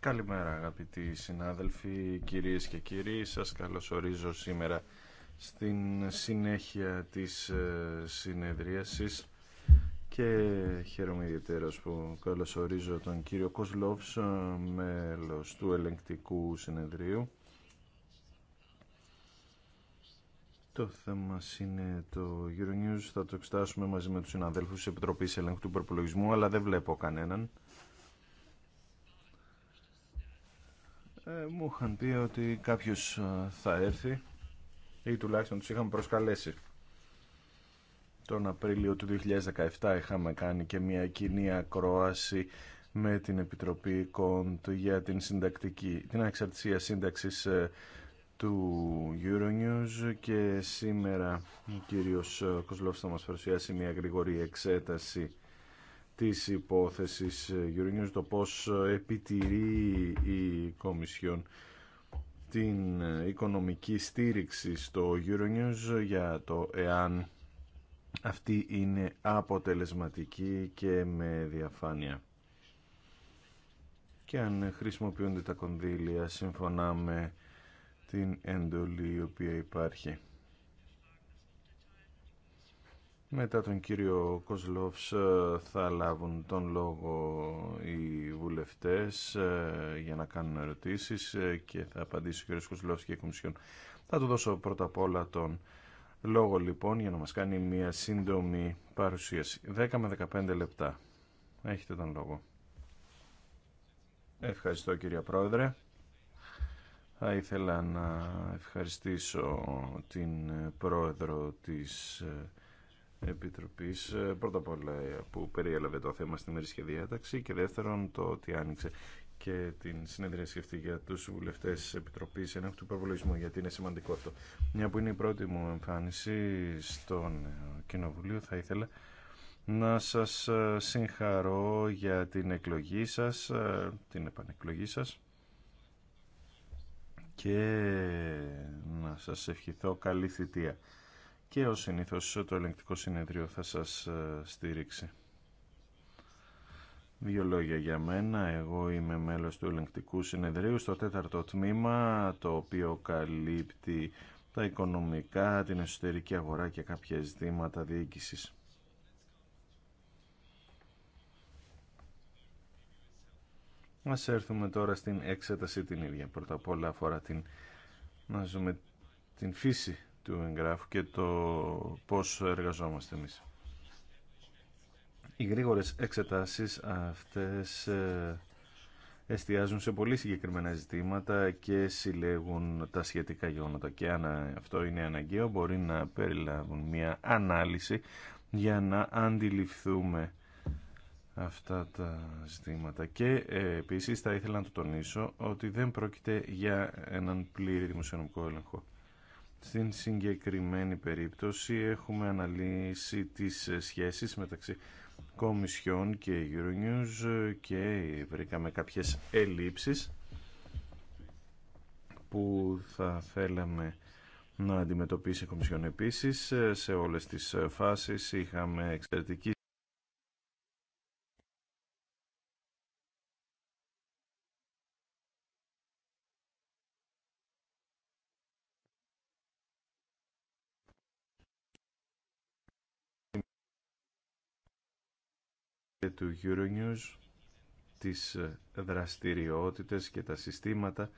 Καλημέρα αγαπητοί συνάδελφοι, κυρίες και κύριοι. Σας καλωσορίζω σήμερα στην συνέχεια της ε, συνεδρίασης και χαίρομαι ιδιαίτερος που καλωσορίζω τον κύριο Κοσλόφς, ε, μέλος του ελεγκτικού συνεδρίου Το θέμα είναι το Euronews. Θα το εξετάσουμε μαζί με τους συναδέλφους της Επιτροπής Ελέγχου του Υπερπολογισμού, αλλά δεν βλέπω κανέναν. Ε, μου είχαν πει ότι κάποιος ε, θα έρθει ή τουλάχιστον τους είχαμε προσκαλέσει. Τον Απρίλιο του 2017 είχαμε κάνει και μια κοινή ακρόαση με την Επιτροπή Κοντ για την, συντακτική, την εξαρτησία σύνταξης ε, του Euronews και σήμερα ο κύριος ε, Κοσλόφς θα μας παρουσιάσει μια γρήγορη εξέταση της υπόθεσης ε, Euronews το πώς ε, επιτηρεί η Κομισιόν την οικονομική στήριξη στο Euronews για το εάν αυτή είναι αποτελεσματική και με διαφάνεια και αν χρησιμοποιούνται τα κονδύλια σύμφωνα με την εντολή η οποία υπάρχει. Μετά τον κύριο Κοσλόφς ε, θα λάβουν τον λόγο οι βουλευτές ε, για να κάνουν ερωτήσεις ε, και θα απαντήσει ο κύριος Κοσλόφς και η Κομισιόν. Θα του δώσω πρώτα απ' όλα τον λόγο λοιπόν για να μας κάνει μια σύντομη παρουσίαση. 10 με 15 λεπτά. Έχετε τον λόγο. Ευχαριστώ κύριε Πρόεδρε. Θα ήθελα να ευχαριστήσω την πρόεδρο της ε, Επιτροπής ε, πρώτα απ' όλα ε, που περιέλαβε το θέμα στη ημερήσια διάταξη και δεύτερον το ότι άνοιξε και την συνεδρίαση αυτή για τους βουλευτές της Επιτροπής ενώ του γιατί είναι σημαντικό αυτό. Μια που είναι η πρώτη μου εμφάνιση στον Κοινοβουλίο θα ήθελα να σας συγχαρώ για την εκλογή σας, την επανεκλογή σας και να σας ευχηθώ καλή θητεία. Και ως συνήθως το ελεγκτικό συνεδρίο θα σας ε, στήριξει. Δύο λόγια για μένα. Εγώ είμαι μέλος του ελεγκτικού συνεδρίου στο τέταρτο τμήμα, το οποίο καλύπτει τα οικονομικά, την εσωτερική αγορά και κάποια ζητήματα διοίκησης. Ας έρθουμε τώρα στην εξέταση την ίδια. Πρώτα απ' όλα αφορά την, να ζούμε την φύση του εγγράφου και το πώς εργαζόμαστε εμείς. Οι γρήγορες εξετάσεις αυτές ε, εστιάζουν σε πολύ συγκεκριμένα ζητήματα και συλλέγουν τα σχετικά γεγονότα. Και αν αυτό είναι αναγκαίο μπορεί να περιλάβουν μια ανάλυση για να αντιληφθούμε αυτά τα ζητήματα. Και ε, επίσης θα ήθελα να το τονίσω ότι δεν πρόκειται για έναν πλήρη δημοσιονομικό έλεγχο. Στην συγκεκριμένη περίπτωση έχουμε αναλύσει τις σχέσεις μεταξύ Κομισιόν και Euronews και βρήκαμε κάποιες ελλείψεις που θα θέλαμε να αντιμετωπίσει η Κομισιόν επίσης σε όλες τις φάσεις είχαμε εξαιρετική του Euronews, τις δραστηριότητες και τα συστήματα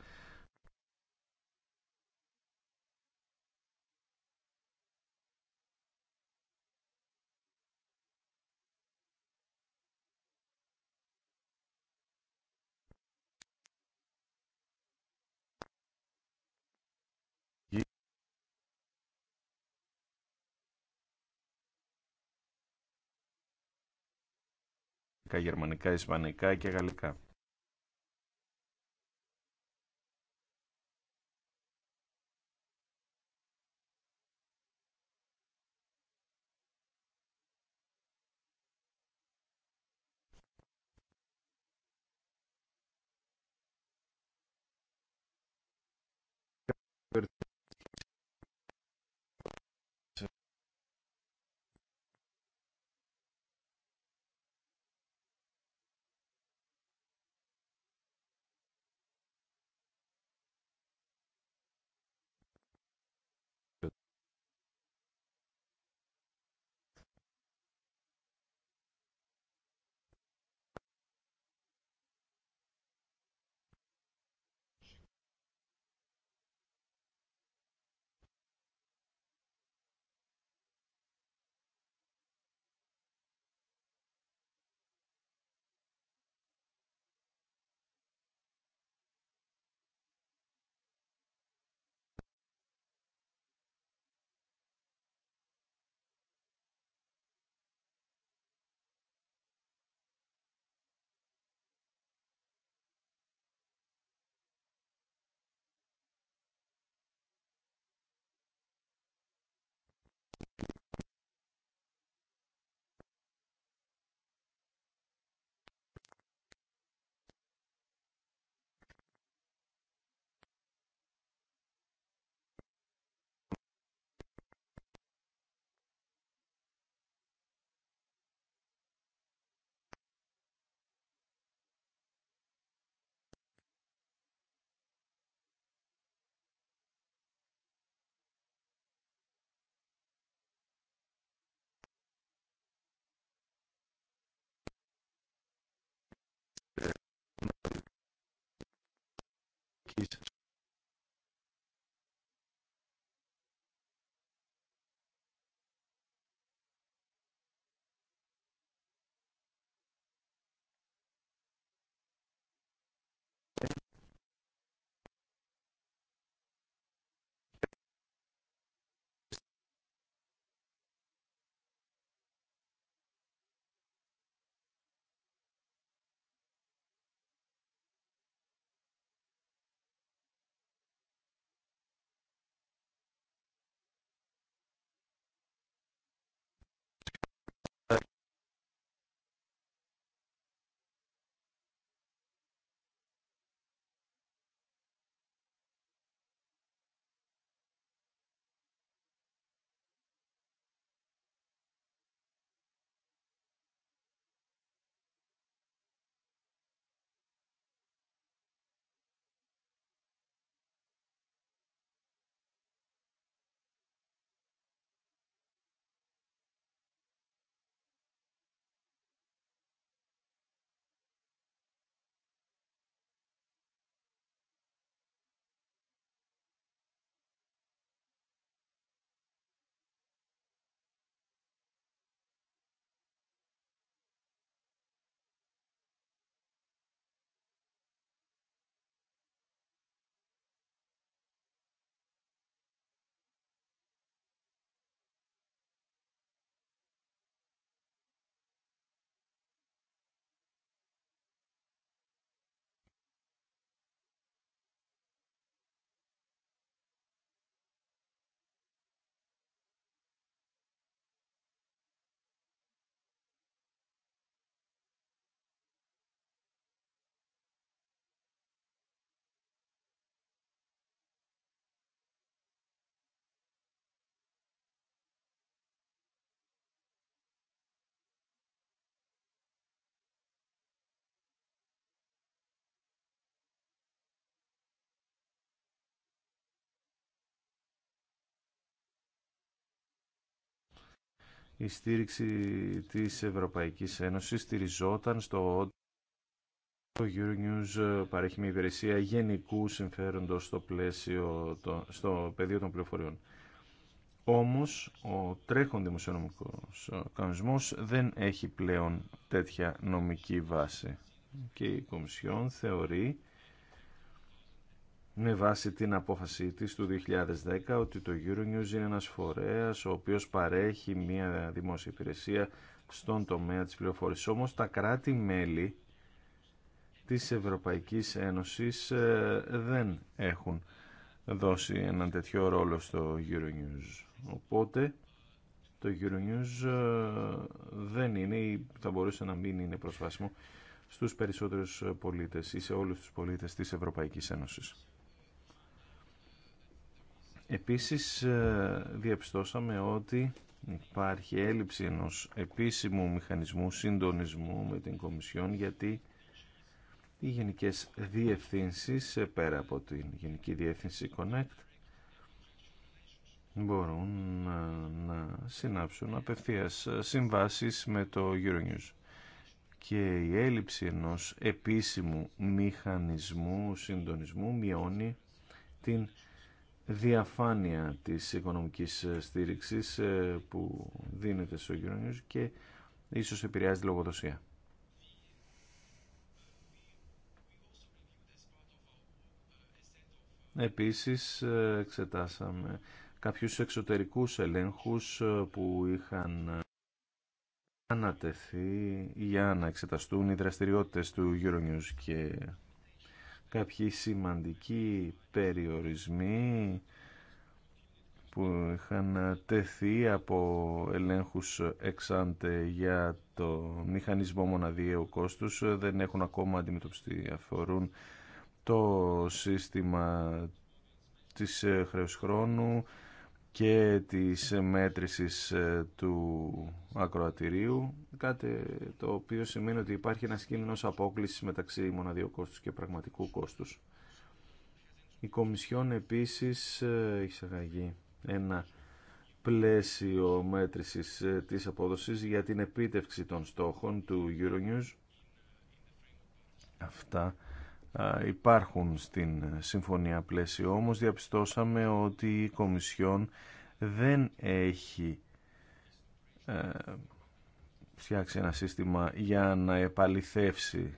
αγγλικά, γερμανικά, ισπανικά και γαλλικά. η στήριξη της Ευρωπαϊκής Ένωσης στηριζόταν στο ότι το Euronews ε, παρέχει μια υπηρεσία γενικού συμφέροντος στο, πλαίσιο, στο πεδίο των πληροφοριών. Όμως, ο τρέχον δημοσιονομικός ε, κανονισμός δεν έχει πλέον τέτοια νομική βάση και η Κομισιόν θεωρεί με βάση την απόφαση της του 2010 ότι το Euronews είναι ένας φορέας ο οποίος παρέχει μια δημόσια υπηρεσία στον τομέα της πληροφόρησης. Όμως τα κράτη-μέλη της Ευρωπαϊκής Ένωσης ε, δεν έχουν δώσει έναν τέτοιο ρόλο στο Euronews. Οπότε το Euronews ε, δεν είναι, ή θα μπορούσε να μην είναι προσβάσιμο στους περισσότερους πολίτες ή σε όλους τους πολίτες της Ευρωπαϊκής Ένωσης. Επίσης ε, διαπιστώσαμε ότι υπάρχει έλλειψη ενός επίσημου μηχανισμού συντονισμού με την Κομισιόν γιατί οι γενικές διευθύνσεις ε, πέρα από την Γενική Διεύθυνση Connect μπορούν ε, να συνάψουν απευθείας συμβάσεις με το Euronews και η έλλειψη ενός επίσημου μηχανισμού συντονισμού μειώνει την διαφάνεια της οικονομικής ε, στήριξης ε, που δίνεται στο Euronews και ίσως επηρεάζει τη λογοδοσία. Επίσης ε, εξετάσαμε κάποιους εξωτερικούς ελέγχους που είχαν ανατεθεί για να εξεταστούν οι δραστηριότητες του Euronews και κάποιοι σημαντικοί περιορισμοί που είχαν τεθεί από ελέγχους εξάντε για το μηχανισμό μοναδιαίου κόστους δεν έχουν ακόμα αντιμετωπιστεί αφορούν το σύστημα της χρέους χρόνου και της μέτρησης ε, του ακροατηρίου, κάτι το οποίο σημαίνει ότι υπάρχει ένα κίνδυνο απόκληση μεταξύ μοναδιού κόστους και πραγματικού κόστους. Η Κομισιόν επίσης ε, εισαγαγεί ένα πλαίσιο μέτρησης ε, της απόδοσης για την επίτευξη των στόχων του Euronews. Αυτά υπάρχουν στην Συμφωνία Πλαίσιο. Όμως διαπιστώσαμε ότι η Κομισιόν δεν έχει ε, φτιάξει ένα σύστημα για να επαληθεύσει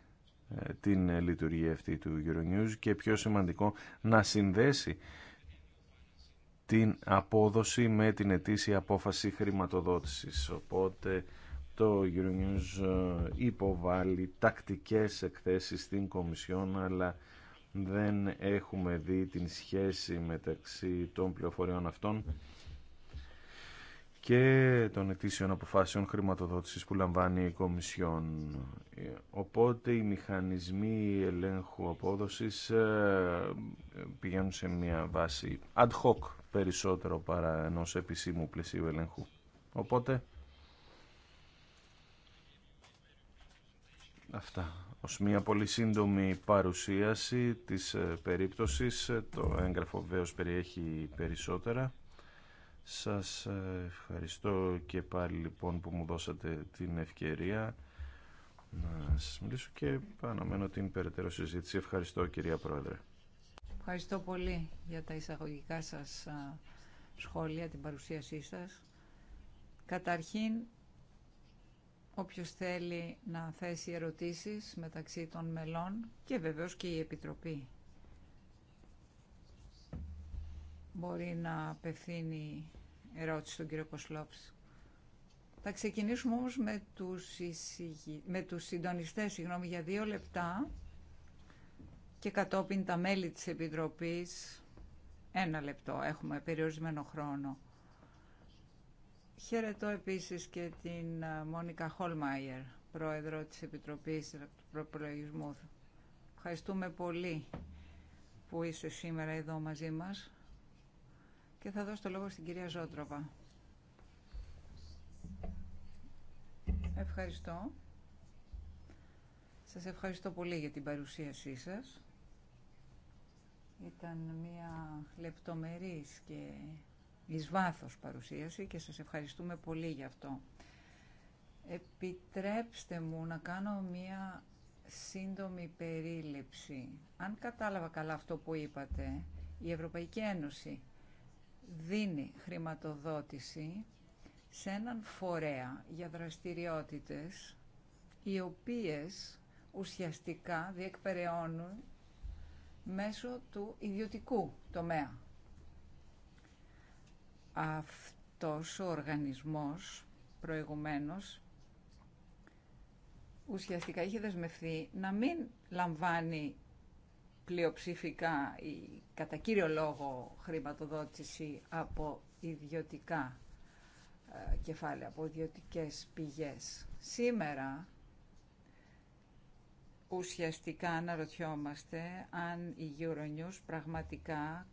ε, την λειτουργία αυτή του Euronews και πιο σημαντικό να συνδέσει την απόδοση με την ετήσια απόφαση χρηματοδότησης. Οπότε το Euronews ε, υποβάλλει τακτικές εκθέσεις στην Κομισιόν αλλά δεν έχουμε δει την σχέση μεταξύ των πληροφοριών αυτών και των ετήσιων αποφάσεων χρηματοδότησης που λαμβάνει η Κομισιόν. Ε, οπότε οι μηχανισμοί ελέγχου απόδοσης ε, πηγαίνουν σε μια βάση ad hoc περισσότερο παρά ενός επισήμου πλαισίου ελέγχου. Οπότε Αυτά Ω μια πολύ σύντομη παρουσίαση της ε, περίπτωσης. Ε, το έγγραφο βεβαίω περιέχει περισσότερα. Σας ε, ευχαριστώ και πάλι λοιπόν που μου δώσατε την ευκαιρία να σα μιλήσω και αναμένω την περαιτέρω συζήτηση. Ευχαριστώ κυρία Πρόεδρε. Ευχαριστώ πολύ για τα εισαγωγικά σας σχόλια, την παρουσίασή σας. Καταρχήν Όποιος θέλει να θέσει ερωτήσεις μεταξύ των μελών και βεβαίως και η Επιτροπή μπορεί να απευθύνει ερώτηση στον κύριο Κοσλόψ. Θα ξεκινήσουμε όμως με τους, εισηγη... με τους συντονιστές για δύο λεπτά και κατόπιν τα μέλη της Επιτροπής ένα λεπτό. Έχουμε περιορισμένο χρόνο. Χαιρετώ επίσης και την Μόνικα Χολμάιερ, πρόεδρο της Επιτροπής Προπολογισμού. Ευχαριστούμε πολύ που είσαι σήμερα εδώ μαζί μας και θα δώσω το λόγο στην κυρία Ζότροβα. Ευχαριστώ. Σας ευχαριστώ πολύ για την παρουσίασή σας. Ήταν μια λεπτομερής και εις βάθος παρουσίαση και σας ευχαριστούμε πολύ γι' αυτό. Επιτρέψτε μου να κάνω μία σύντομη περίληψη. Αν κατάλαβα καλά αυτό που είπατε, η Ευρωπαϊκή Ένωση δίνει χρηματοδότηση σε έναν φορέα για δραστηριότητες οι οποίες ουσιαστικά διεκπεραιώνουν μέσω του ιδιωτικού τομέα αυτός ο οργανισμός προηγουμένως ουσιαστικά είχε δεσμευθεί να μην λαμβάνει πλειοψηφικά ή κατά κύριο λόγο χρηματοδότηση από ιδιωτικά ε, κεφάλαια, από ιδιωτικές πηγές. Σήμερα ουσιαστικά αναρωτιόμαστε αν η Euronews πραγματικά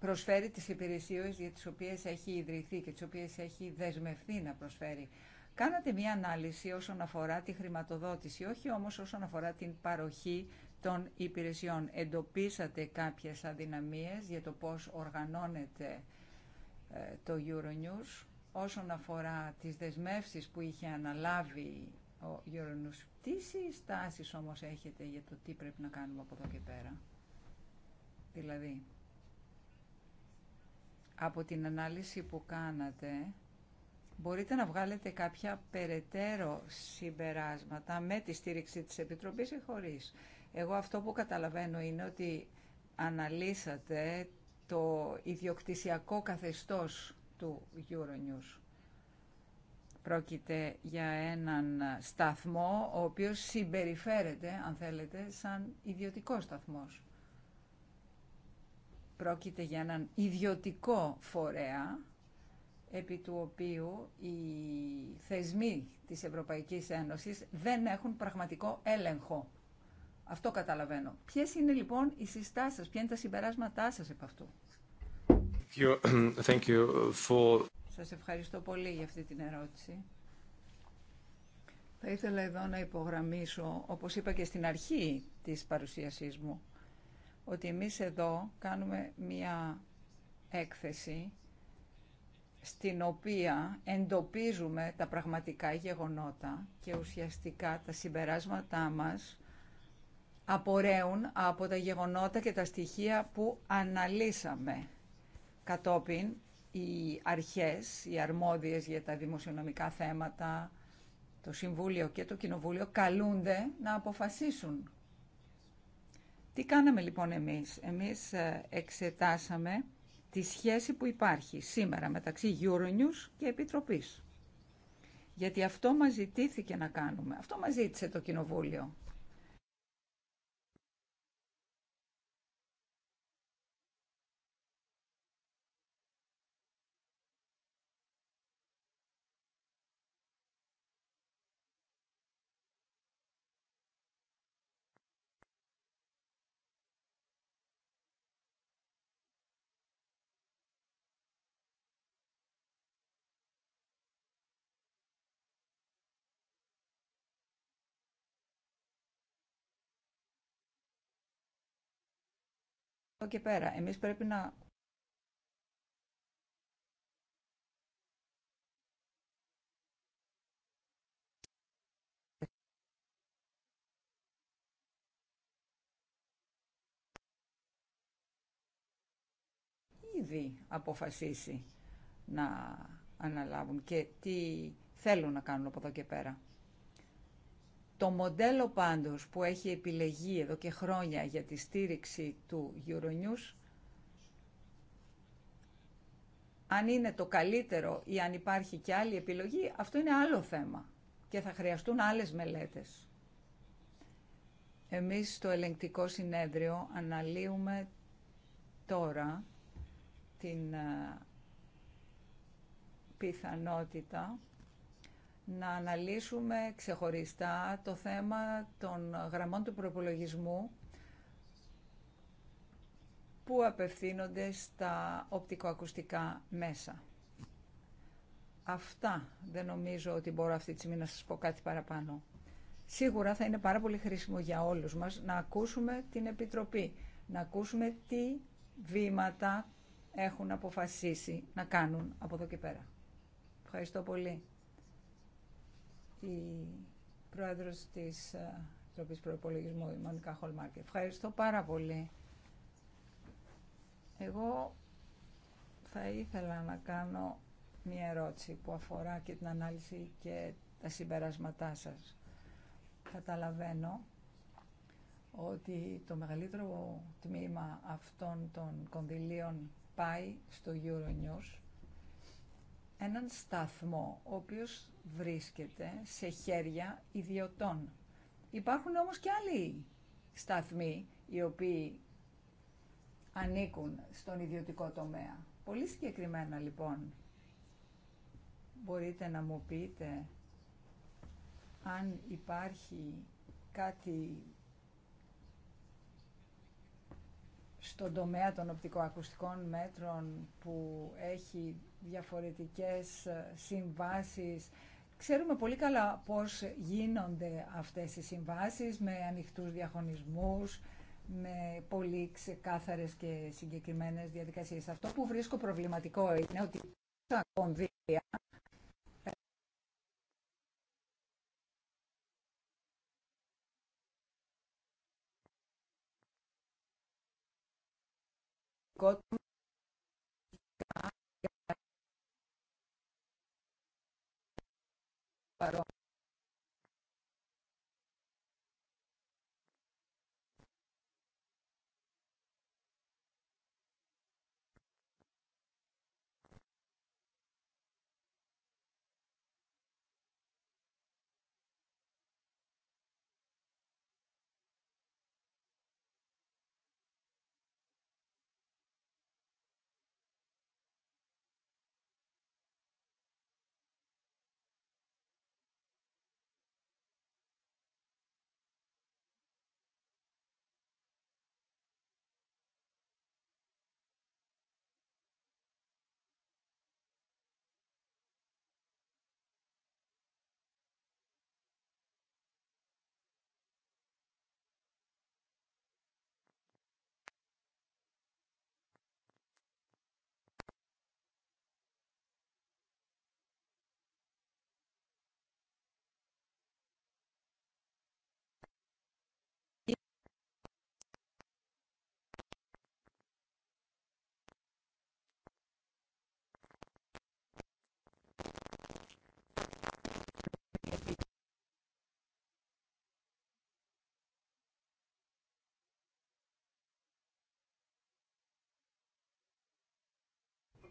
προσφέρει τις υπηρεσίες για τις οποίες έχει ιδρυθεί και τις οποίες έχει δεσμευθεί να προσφέρει. Κάνατε μία ανάλυση όσον αφορά τη χρηματοδότηση, όχι όμως όσον αφορά την παροχή των υπηρεσιών. Εντοπίσατε κάποιες αδυναμίες για το πώς οργανώνεται ε, το Euronews όσον αφορά τις δεσμεύσεις που είχε αναλάβει ο Euronews. Τι συστάσεις όμως έχετε για το τι πρέπει να κάνουμε από εδώ και πέρα. Δηλαδή, από την ανάλυση που κάνατε μπορείτε να βγάλετε κάποια περαιτέρω συμπεράσματα με τη στήριξη της Επιτροπής ή χωρίς. Εγώ αυτό που καταλαβαίνω είναι ότι αναλύσατε το ιδιοκτησιακό καθεστώς του Euronews. Πρόκειται για έναν σταθμό ο οποίος συμπεριφέρεται, αν θέλετε, σαν ιδιωτικό σταθμός. Πρόκειται για έναν ιδιωτικό φορέα επί του οποίου οι θεσμοί της Ευρωπαϊκής Ένωσης δεν έχουν πραγματικό έλεγχο. Αυτό καταλαβαίνω. Ποιες είναι λοιπόν οι συστάσεις ποια είναι τα συμπεράσματά σας από αυτό. Σας ευχαριστώ πολύ για αυτή την ερώτηση. Θα ήθελα εδώ να υπογραμμίσω, όπως είπα και στην αρχή της παρουσίασής μου, ότι εμείς εδώ κάνουμε μία έκθεση στην οποία εντοπίζουμε τα πραγματικά γεγονότα και ουσιαστικά τα συμπεράσματά μας απορρέουν από τα γεγονότα και τα στοιχεία που αναλύσαμε. Κατόπιν, οι αρχές, οι αρμόδιες για τα δημοσιονομικά θέματα, το Συμβούλιο και το Κοινοβούλιο καλούνται να αποφασίσουν τι κάναμε λοιπόν εμείς. Εμείς ε, εξετάσαμε τη σχέση που υπάρχει σήμερα μεταξύ Euronews και Επιτροπής. Γιατί αυτό μας ζητήθηκε να κάνουμε. Αυτό μας ζήτησε το Κοινοβούλιο. εδώ και πέρα. Εμείς πρέπει να ήδη αποφασίσει να αναλάβουν και τι θέλουν να κάνουν από εδώ και πέρα. Το μοντέλο πάντως που έχει επιλεγεί εδώ και χρόνια για τη στήριξη του Euronews, αν είναι το καλύτερο ή αν υπάρχει και άλλη επιλογή, αυτό είναι άλλο θέμα και θα χρειαστούν άλλες μελέτες. Εμείς στο ελεγκτικό συνέδριο αναλύουμε τώρα την ε, πιθανότητα να αναλύσουμε ξεχωριστά το θέμα των γραμμών του προπολογισμού που απευθύνονται στα οπτικοακουστικά μέσα. Αυτά δεν νομίζω ότι μπορώ αυτή τη στιγμή να σας πω κάτι παραπάνω. Σίγουρα θα είναι πάρα πολύ χρήσιμο για όλους μας να ακούσουμε την Επιτροπή, να ακούσουμε τι βήματα έχουν αποφασίσει να κάνουν από εδώ και πέρα. Ευχαριστώ πολύ η πρόεδρος της ε, Επιτροπής Προπολογισμού, η Μονικά Χολμάκη. Ευχαριστώ πάρα πολύ. Εγώ θα ήθελα να κάνω μία ερώτηση που αφορά και την ανάλυση και τα συμπεράσματά σας. Καταλαβαίνω ότι το μεγαλύτερο τμήμα αυτών των κονδυλίων πάει στο Euronews, έναν σταθμό ο οποίος βρίσκεται σε χέρια ιδιωτών. Υπάρχουν όμως και άλλοι σταθμοί οι οποίοι ανήκουν στον ιδιωτικό τομέα. Πολύ συγκεκριμένα λοιπόν μπορείτε να μου πείτε αν υπάρχει κάτι στον τομέα των οπτικοακουστικών μέτρων που έχει διαφορετικές συμβάσεις Ξέρουμε πολύ καλά πώς γίνονται αυτές οι συμβάσεις με ανοιχτούς διαχωνισμούς, με πολύ ξεκάθαρες και συγκεκριμένες διαδικασίες. Αυτό που βρίσκω προβληματικό είναι ότι τα κονδύλια παρόν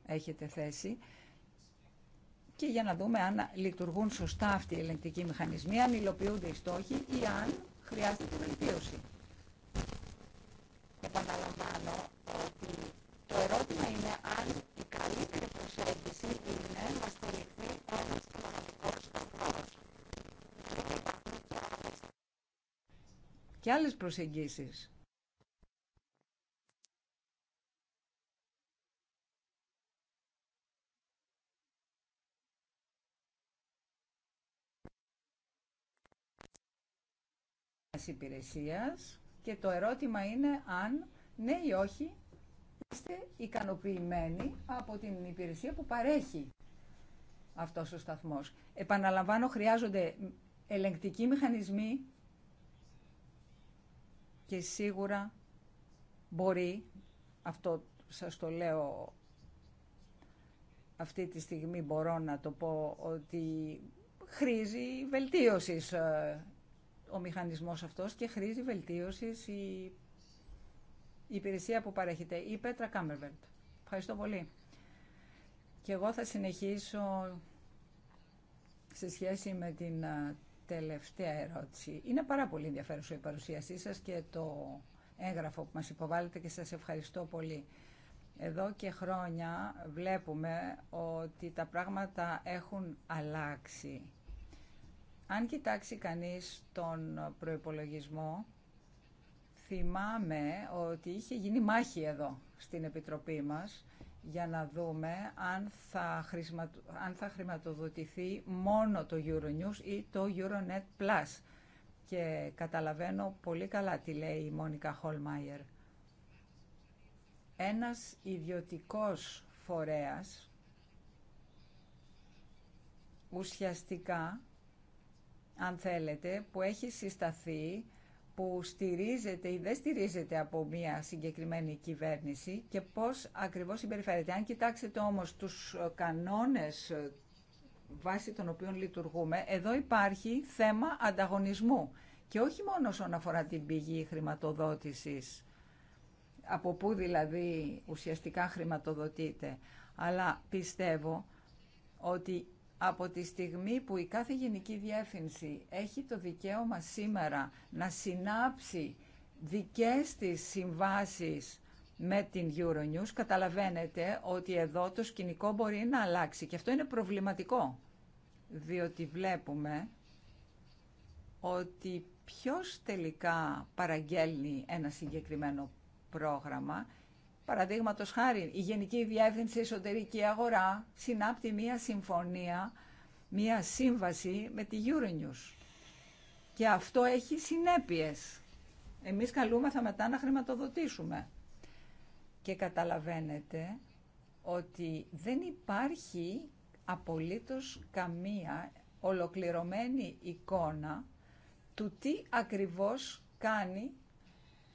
έχετε θέσει και για να δούμε αν λειτουργούν σωστά αυτοί οι ελεγκτικοί μηχανισμοί, αν υλοποιούνται οι στόχοι ή αν χρειάζεται βελτίωση. Επαναλαμβάνω ότι το ερώτημα είναι αν η καλύτερη προσέγγιση είναι να στηριχθεί ένα. κοινωνικός Και άλλες προσεγγίσεις υπηρεσίας και το ερώτημα είναι αν ναι ή όχι είστε ικανοποιημένοι από την υπηρεσία που παρέχει αυτός ο σταθμός. Επαναλαμβάνω, χρειάζονται ελεγκτικοί μηχανισμοί και σίγουρα μπορεί, αυτό σας το λέω αυτή τη στιγμή μπορώ να το πω ότι χρήζει βελτίωσης ε, ο μηχανισμός αυτός και χρήζει βελτίωσης η υπηρεσία που παρέχεται, η Πέτρα Κάμερβελτ. Ευχαριστώ πολύ. Και εγώ θα συνεχίσω σε σχέση με την τελευταία ερώτηση. Είναι πάρα πολύ ενδιαφέρουσα η παρουσίασή σας και το έγγραφο που μας υποβάλλετε και σας ευχαριστώ πολύ. Εδώ και χρόνια βλέπουμε ότι τα πράγματα έχουν αλλάξει. Αν κοιτάξει κανείς τον προϋπολογισμό, θυμάμαι ότι είχε γίνει μάχη εδώ στην Επιτροπή μας για να δούμε αν θα, αν χρηματοδοτηθεί μόνο το Euronews ή το Euronet Plus. Και καταλαβαίνω πολύ καλά τι λέει η Μόνικα Χολμάιερ. Ένας ιδιωτικός φορέας ουσιαστικά αν θέλετε, που έχει συσταθεί, που στηρίζεται ή δεν στηρίζεται από μια συγκεκριμένη κυβέρνηση και πώς ακριβώς συμπεριφέρεται. Αν κοιτάξετε όμως τους κανόνες βάσει των οποίων λειτουργούμε, εδώ υπάρχει θέμα ανταγωνισμού. Και όχι μόνο όσον αφορά την πηγή χρηματοδότησης, από πού δηλαδή ουσιαστικά χρηματοδοτείται, αλλά πιστεύω ότι από τη στιγμή που η κάθε γενική διεύθυνση έχει το δικαίωμα σήμερα να συνάψει δικές της συμβάσεις με την Euronews, καταλαβαίνετε ότι εδώ το σκηνικό μπορεί να αλλάξει. Και αυτό είναι προβληματικό, διότι βλέπουμε ότι ποιος τελικά παραγγέλνει ένα συγκεκριμένο πρόγραμμα Παραδείγματο χάρη, η Γενική Διεύθυνση Εσωτερική Αγορά συνάπτει μία συμφωνία, μία σύμβαση με τη Euronews. Και αυτό έχει συνέπειες. Εμείς καλούμεθα μετά να χρηματοδοτήσουμε. Και καταλαβαίνετε ότι δεν υπάρχει απολύτως καμία ολοκληρωμένη εικόνα του τι ακριβώς κάνει,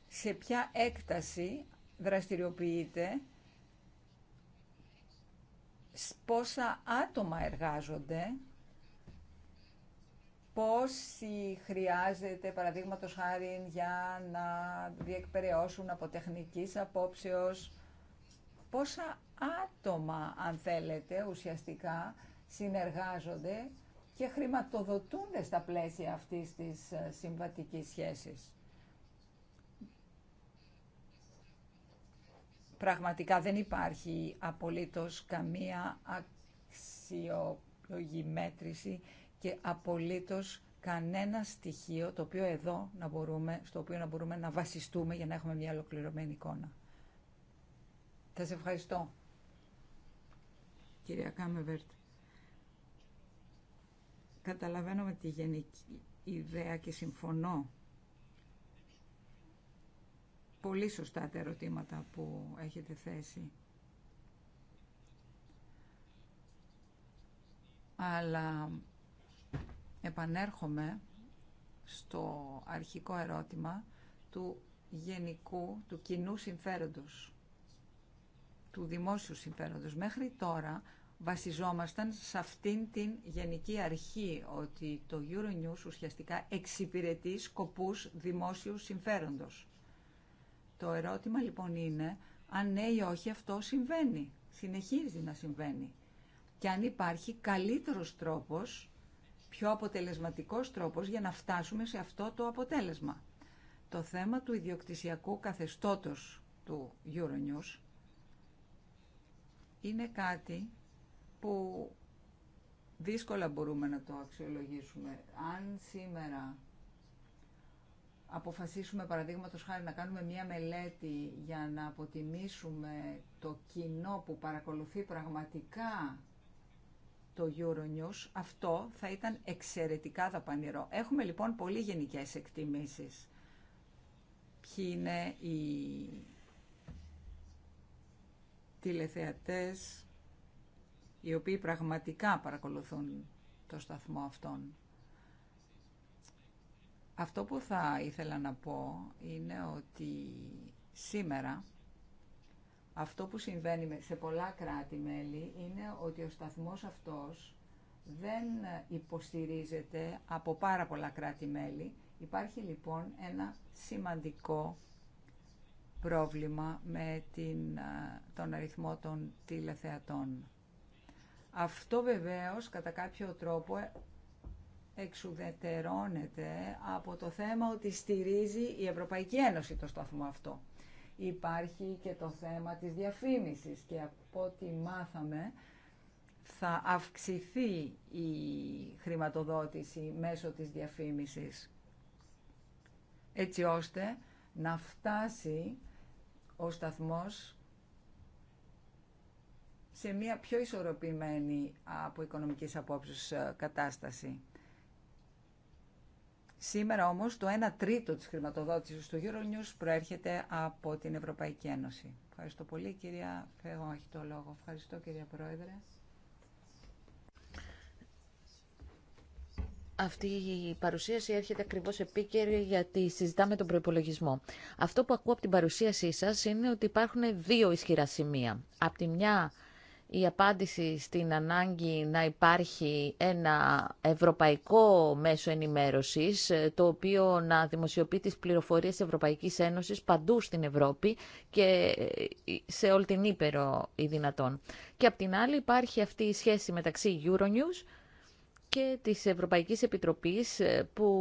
σε ποια έκταση δραστηριοποιείται, πόσα άτομα εργάζονται, πόσοι χρειάζεται, παραδείγματο χάρη, για να διεκπαιρεώσουν από τεχνική απόψεω, πόσα άτομα, αν θέλετε, ουσιαστικά συνεργάζονται και χρηματοδοτούνται στα πλαίσια αυτής της ε, συμβατικής σχέσης. πραγματικά δεν υπάρχει απολύτως καμία αξιολογημέτρηση και απολύτως κανένα στοιχείο το οποίο εδώ να μπορούμε, στο οποίο να μπορούμε να βασιστούμε για να έχουμε μια ολοκληρωμένη εικόνα. Θα σε ευχαριστώ. Κυρία Κάμεβερτ, καταλαβαίνω με τη γενική ιδέα και συμφωνώ πολύ σωστά τα ερωτήματα που έχετε θέσει. Αλλά επανέρχομαι στο αρχικό ερώτημα του γενικού, του κοινού συμφέροντος, του δημόσιου συμφέροντος. Μέχρι τώρα βασιζόμασταν σε αυτήν την γενική αρχή ότι το Euronews ουσιαστικά εξυπηρετεί σκοπούς δημόσιου συμφέροντος. Το ερώτημα λοιπόν είναι αν ναι ή όχι αυτό συμβαίνει, συνεχίζει να συμβαίνει. Και αν υπάρχει καλύτερος τρόπος, πιο αποτελεσματικός τρόπος για να φτάσουμε σε αυτό το αποτέλεσμα. Το θέμα του ιδιοκτησιακού καθεστώτος του Euronews είναι κάτι που δύσκολα μπορούμε να το αξιολογήσουμε. Αν σήμερα αποφασίσουμε παραδείγματο χάρη να κάνουμε μία μελέτη για να αποτιμήσουμε το κοινό που παρακολουθεί πραγματικά το Euronews, αυτό θα ήταν εξαιρετικά δαπανηρό. Έχουμε λοιπόν πολύ γενικές εκτιμήσεις. Ποιοι είναι οι τηλεθεατές οι οποίοι πραγματικά παρακολουθούν το σταθμό αυτόν. Αυτό που θα ήθελα να πω είναι ότι σήμερα αυτό που συμβαίνει σε πολλά κράτη-μέλη είναι ότι ο σταθμός αυτός δεν υποστηρίζεται από πάρα πολλά κράτη-μέλη. Υπάρχει λοιπόν ένα σημαντικό πρόβλημα με την, τον αριθμό των τηλεθεατών. Αυτό βεβαίως κατά κάποιο τρόπο εξουδετερώνεται από το θέμα ότι στηρίζει η Ευρωπαϊκή Ένωση το σταθμό αυτό. Υπάρχει και το θέμα της διαφήμισης και από ό,τι μάθαμε θα αυξηθεί η χρηματοδότηση μέσω της διαφήμισης έτσι ώστε να φτάσει ο σταθμός σε μια πιο ισορροπημένη από οικονομικής απόψεως ε, κατάσταση. Σήμερα όμως το 1 τρίτο της χρηματοδότησης του Euronews προέρχεται από την Ευρωπαϊκή Ένωση. Ευχαριστώ πολύ κυρία Φέγο, έχει το λόγο. Ευχαριστώ κυρία Πρόεδρε. Αυτή η παρουσίαση έρχεται ακριβώ επίκαιρη γιατί συζητάμε τον προπολογισμό. Αυτό που ακούω από την παρουσίασή σα είναι ότι υπάρχουν δύο ισχυρά σημεία. Απ' τη μια η απάντηση στην ανάγκη να υπάρχει ένα ευρωπαϊκό μέσο ενημέρωσης, ε, το οποίο να δημοσιοποιεί τις πληροφορίες Ευρωπαϊκής Ένωσης παντού στην Ευρώπη και ε, ε, σε όλη την Ήπερο η δυνατόν. Και απ' την άλλη υπάρχει αυτή η σχέση μεταξύ Euronews και της Ευρωπαϊκής Επιτροπής που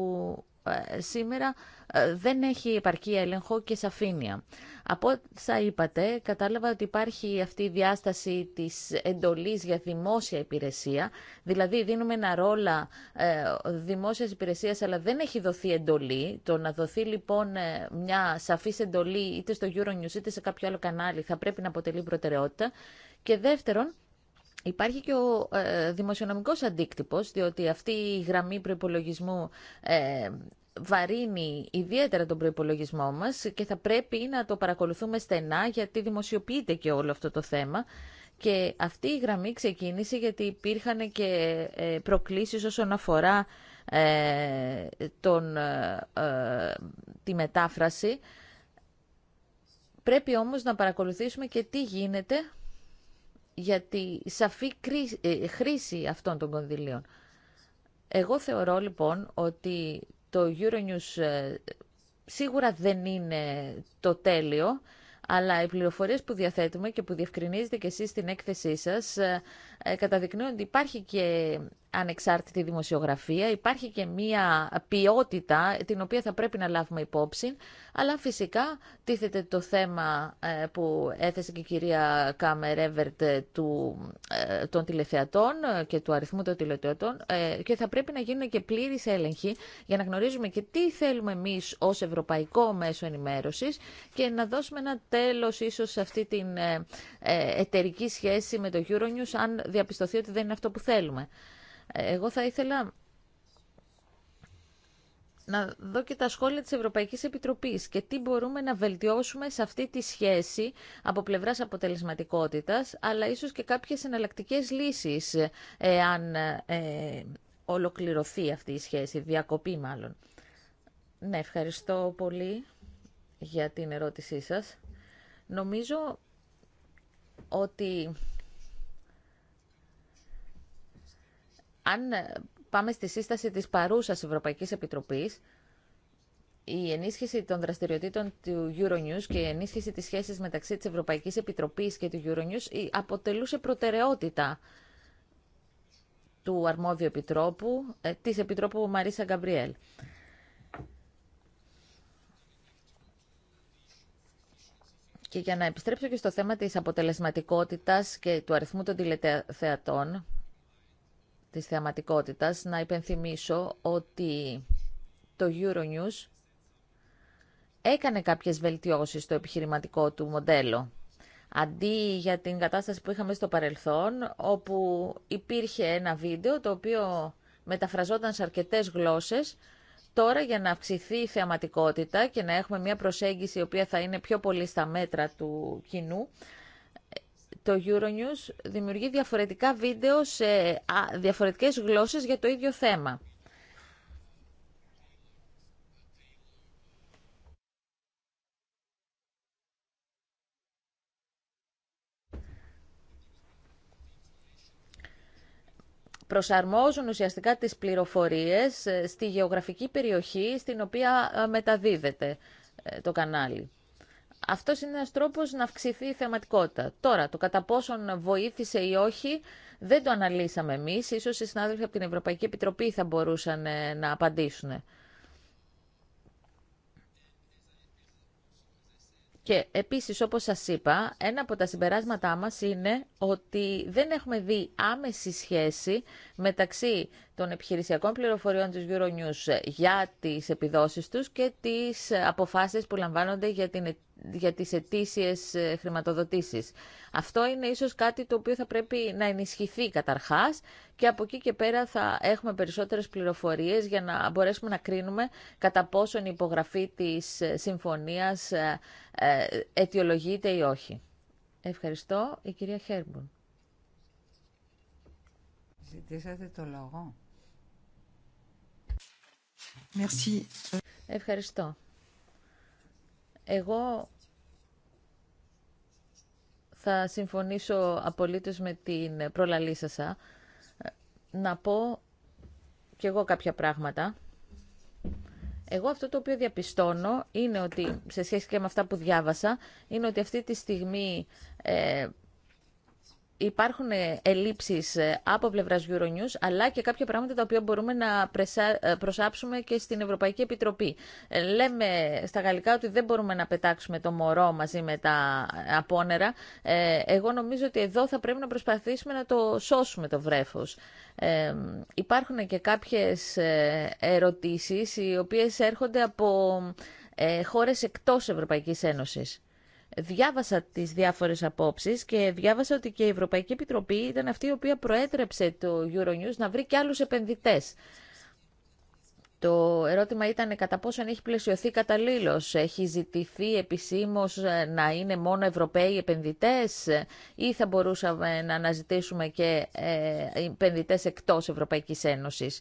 ε, σήμερα ε, δεν έχει επαρκή έλεγχο και σαφήνεια. Από όσα είπατε, κατάλαβα ότι υπάρχει αυτή η διάσταση της εντολής για δημόσια υπηρεσία, δηλαδή δίνουμε ένα ρόλο ε, δημόσιας υπηρεσίας, αλλά δεν έχει δοθεί εντολή. Το να δοθεί λοιπόν μια σαφής εντολή είτε στο Euronews είτε σε κάποιο άλλο κανάλι θα πρέπει να αποτελεί προτεραιότητα. Και δεύτερον, Υπάρχει και ο ε, δημοσιονομικός αντίκτυπος, διότι αυτή η γραμμή προϋπολογισμού ε, βαρύνει ιδιαίτερα τον προϋπολογισμό μας και θα πρέπει να το παρακολουθούμε στενά γιατί δημοσιοποιείται και όλο αυτό το θέμα. Και αυτή η γραμμή ξεκίνησε γιατί υπήρχαν και ε, προκλήσεις όσον αφορά ε, τον, ε, ε, τη μετάφραση. Πρέπει όμως να παρακολουθήσουμε και τι γίνεται για τη σαφή ε, χρήση αυτών των κονδυλίων. Εγώ θεωρώ λοιπόν ότι το Euronews ε, σίγουρα δεν είναι το τέλειο, αλλά οι πληροφορίες που διαθέτουμε και που διευκρινίζετε και εσείς στην έκθεσή σας ε, καταδεικνύουν ότι υπάρχει και ανεξάρτητη δημοσιογραφία, υπάρχει και μία ποιότητα την οποία θα πρέπει να λάβουμε υπόψη, αλλά φυσικά τίθεται το θέμα ε, που έθεσε και η κυρία Κάμερ-Εύερτ ε, ε, των τηλεθεατών και του αριθμού των τηλεθεατών και θα πρέπει να γίνουν και πλήρης έλεγχοι για να γνωρίζουμε και τι θέλουμε εμείς ως ευρωπαϊκό μέσο ενημέρωσης και να δώσουμε ένα τέλος ίσως σε αυτή την εταιρική σχέση με το Euronews αν διαπιστωθεί ότι δεν είναι αυτό που θέλουμε. Εγώ θα ήθελα να δω και τα σχόλια της Ευρωπαϊκής Επιτροπής και τι μπορούμε να βελτιώσουμε σε αυτή τη σχέση από πλευράς αποτελεσματικότητας, αλλά ίσως και κάποιες εναλλακτικέ λύσεις, εάν ε, ολοκληρωθεί αυτή η σχέση, διακοπή μάλλον. Ναι, ευχαριστώ πολύ για την ερώτησή σας. Νομίζω ότι αν ε, πάμε στη σύσταση της παρούσας Ευρωπαϊκής Επιτροπής, η ενίσχυση των δραστηριοτήτων του Euronews και η ενίσχυση της σχέσης μεταξύ της Ευρωπαϊκής Επιτροπής και του Euronews ε, αποτελούσε προτεραιότητα του αρμόδιου επιτρόπου, ε, της Επιτρόπου Μαρίσα Γκαμπριέλ. Και για να επιστρέψω και στο θέμα της αποτελεσματικότητας και του αριθμού των τηλεθεατών, της θεαματικότητας, να υπενθυμίσω ότι το Euronews έκανε κάποιες βελτιώσεις στο επιχειρηματικό του μοντέλο. Αντί για την κατάσταση που είχαμε στο παρελθόν, όπου υπήρχε ένα βίντεο το οποίο μεταφραζόταν σε αρκετές γλώσσες, Τώρα για να αυξηθεί η θεαματικότητα και να έχουμε μια προσέγγιση η οποία θα είναι πιο πολύ στα μέτρα του κοινού, το Euronews δημιουργεί διαφορετικά βίντεο σε διαφορετικές γλώσσες για το ίδιο θέμα. προσαρμόζουν ουσιαστικά τις πληροφορίες ε, στη γεωγραφική περιοχή στην οποία ε, μεταδίδεται ε, το κανάλι αυτός είναι ένας τρόπος να αυξηθεί η θεματικότητα. Τώρα, το κατά πόσον βοήθησε ή όχι, δεν το αναλύσαμε εμείς. Ίσως οι συνάδελφοι από την Ευρωπαϊκή Επιτροπή θα μπορούσαν ε, να απαντήσουν. Και επίσης, όπως σας είπα, ένα από τα συμπεράσματά μας είναι ότι δεν έχουμε δει άμεση σχέση μεταξύ των επιχειρησιακών πληροφοριών της Euronews ε, για τις επιδόσεις τους και τις ε, αποφάσεις που λαμβάνονται για την για τις ετήσιες ε, χρηματοδοτήσεις. Αυτό είναι ίσως κάτι το οποίο θα πρέπει να ενισχυθεί καταρχάς και από εκεί και πέρα θα έχουμε περισσότερες πληροφορίες για να μπορέσουμε να κρίνουμε κατά πόσον η υπογραφή της ε, συμφωνίας ε, αιτιολογείται ή όχι. Ευχαριστώ. Η κυρία Χέρμπουν. Ζητήσατε το λόγο. Merci. Ευχαριστώ. Εγώ θα συμφωνήσω απολύτως με την προλαλήσασα. Να πω κι εγώ κάποια πράγματα. Εγώ αυτό το οποίο διαπιστώνω είναι ότι, σε σχέση και με αυτά που διάβασα, είναι ότι αυτή τη στιγμή ε, υπάρχουν ε, ελλείψεις ε, από πλευράς Euronews, αλλά και κάποια πράγματα τα οποία μπορούμε να ε, προσάψουμε και στην Ευρωπαϊκή Επιτροπή. Λέμε στα γαλλικά ότι δεν μπορούμε να πετάξουμε το μωρό μαζί με τα απόνερα. Εγώ νομίζω ότι εδώ θα πρέπει να προσπαθήσουμε να το σώσουμε το βρέφος. υπάρχουν και κάποιες ερωτήσεις οι οποίες έρχονται από χώρες εκτός Ευρωπαϊκής Ένωσης διάβασα τις διάφορες απόψεις και διάβασα ότι και η Ευρωπαϊκή Επιτροπή ήταν αυτή η οποία προέτρεψε το Euronews να βρει και άλλους επενδυτές. Το ερώτημα ήταν κατά πόσον έχει πλαισιωθεί καταλήλως. Έχει ζητηθεί επισήμως ε, να είναι μόνο Ευρωπαίοι επενδυτές ή θα μπορούσαμε να αναζητήσουμε και ε, επενδυτέ εκτός Ευρωπαϊκή Ένωσης.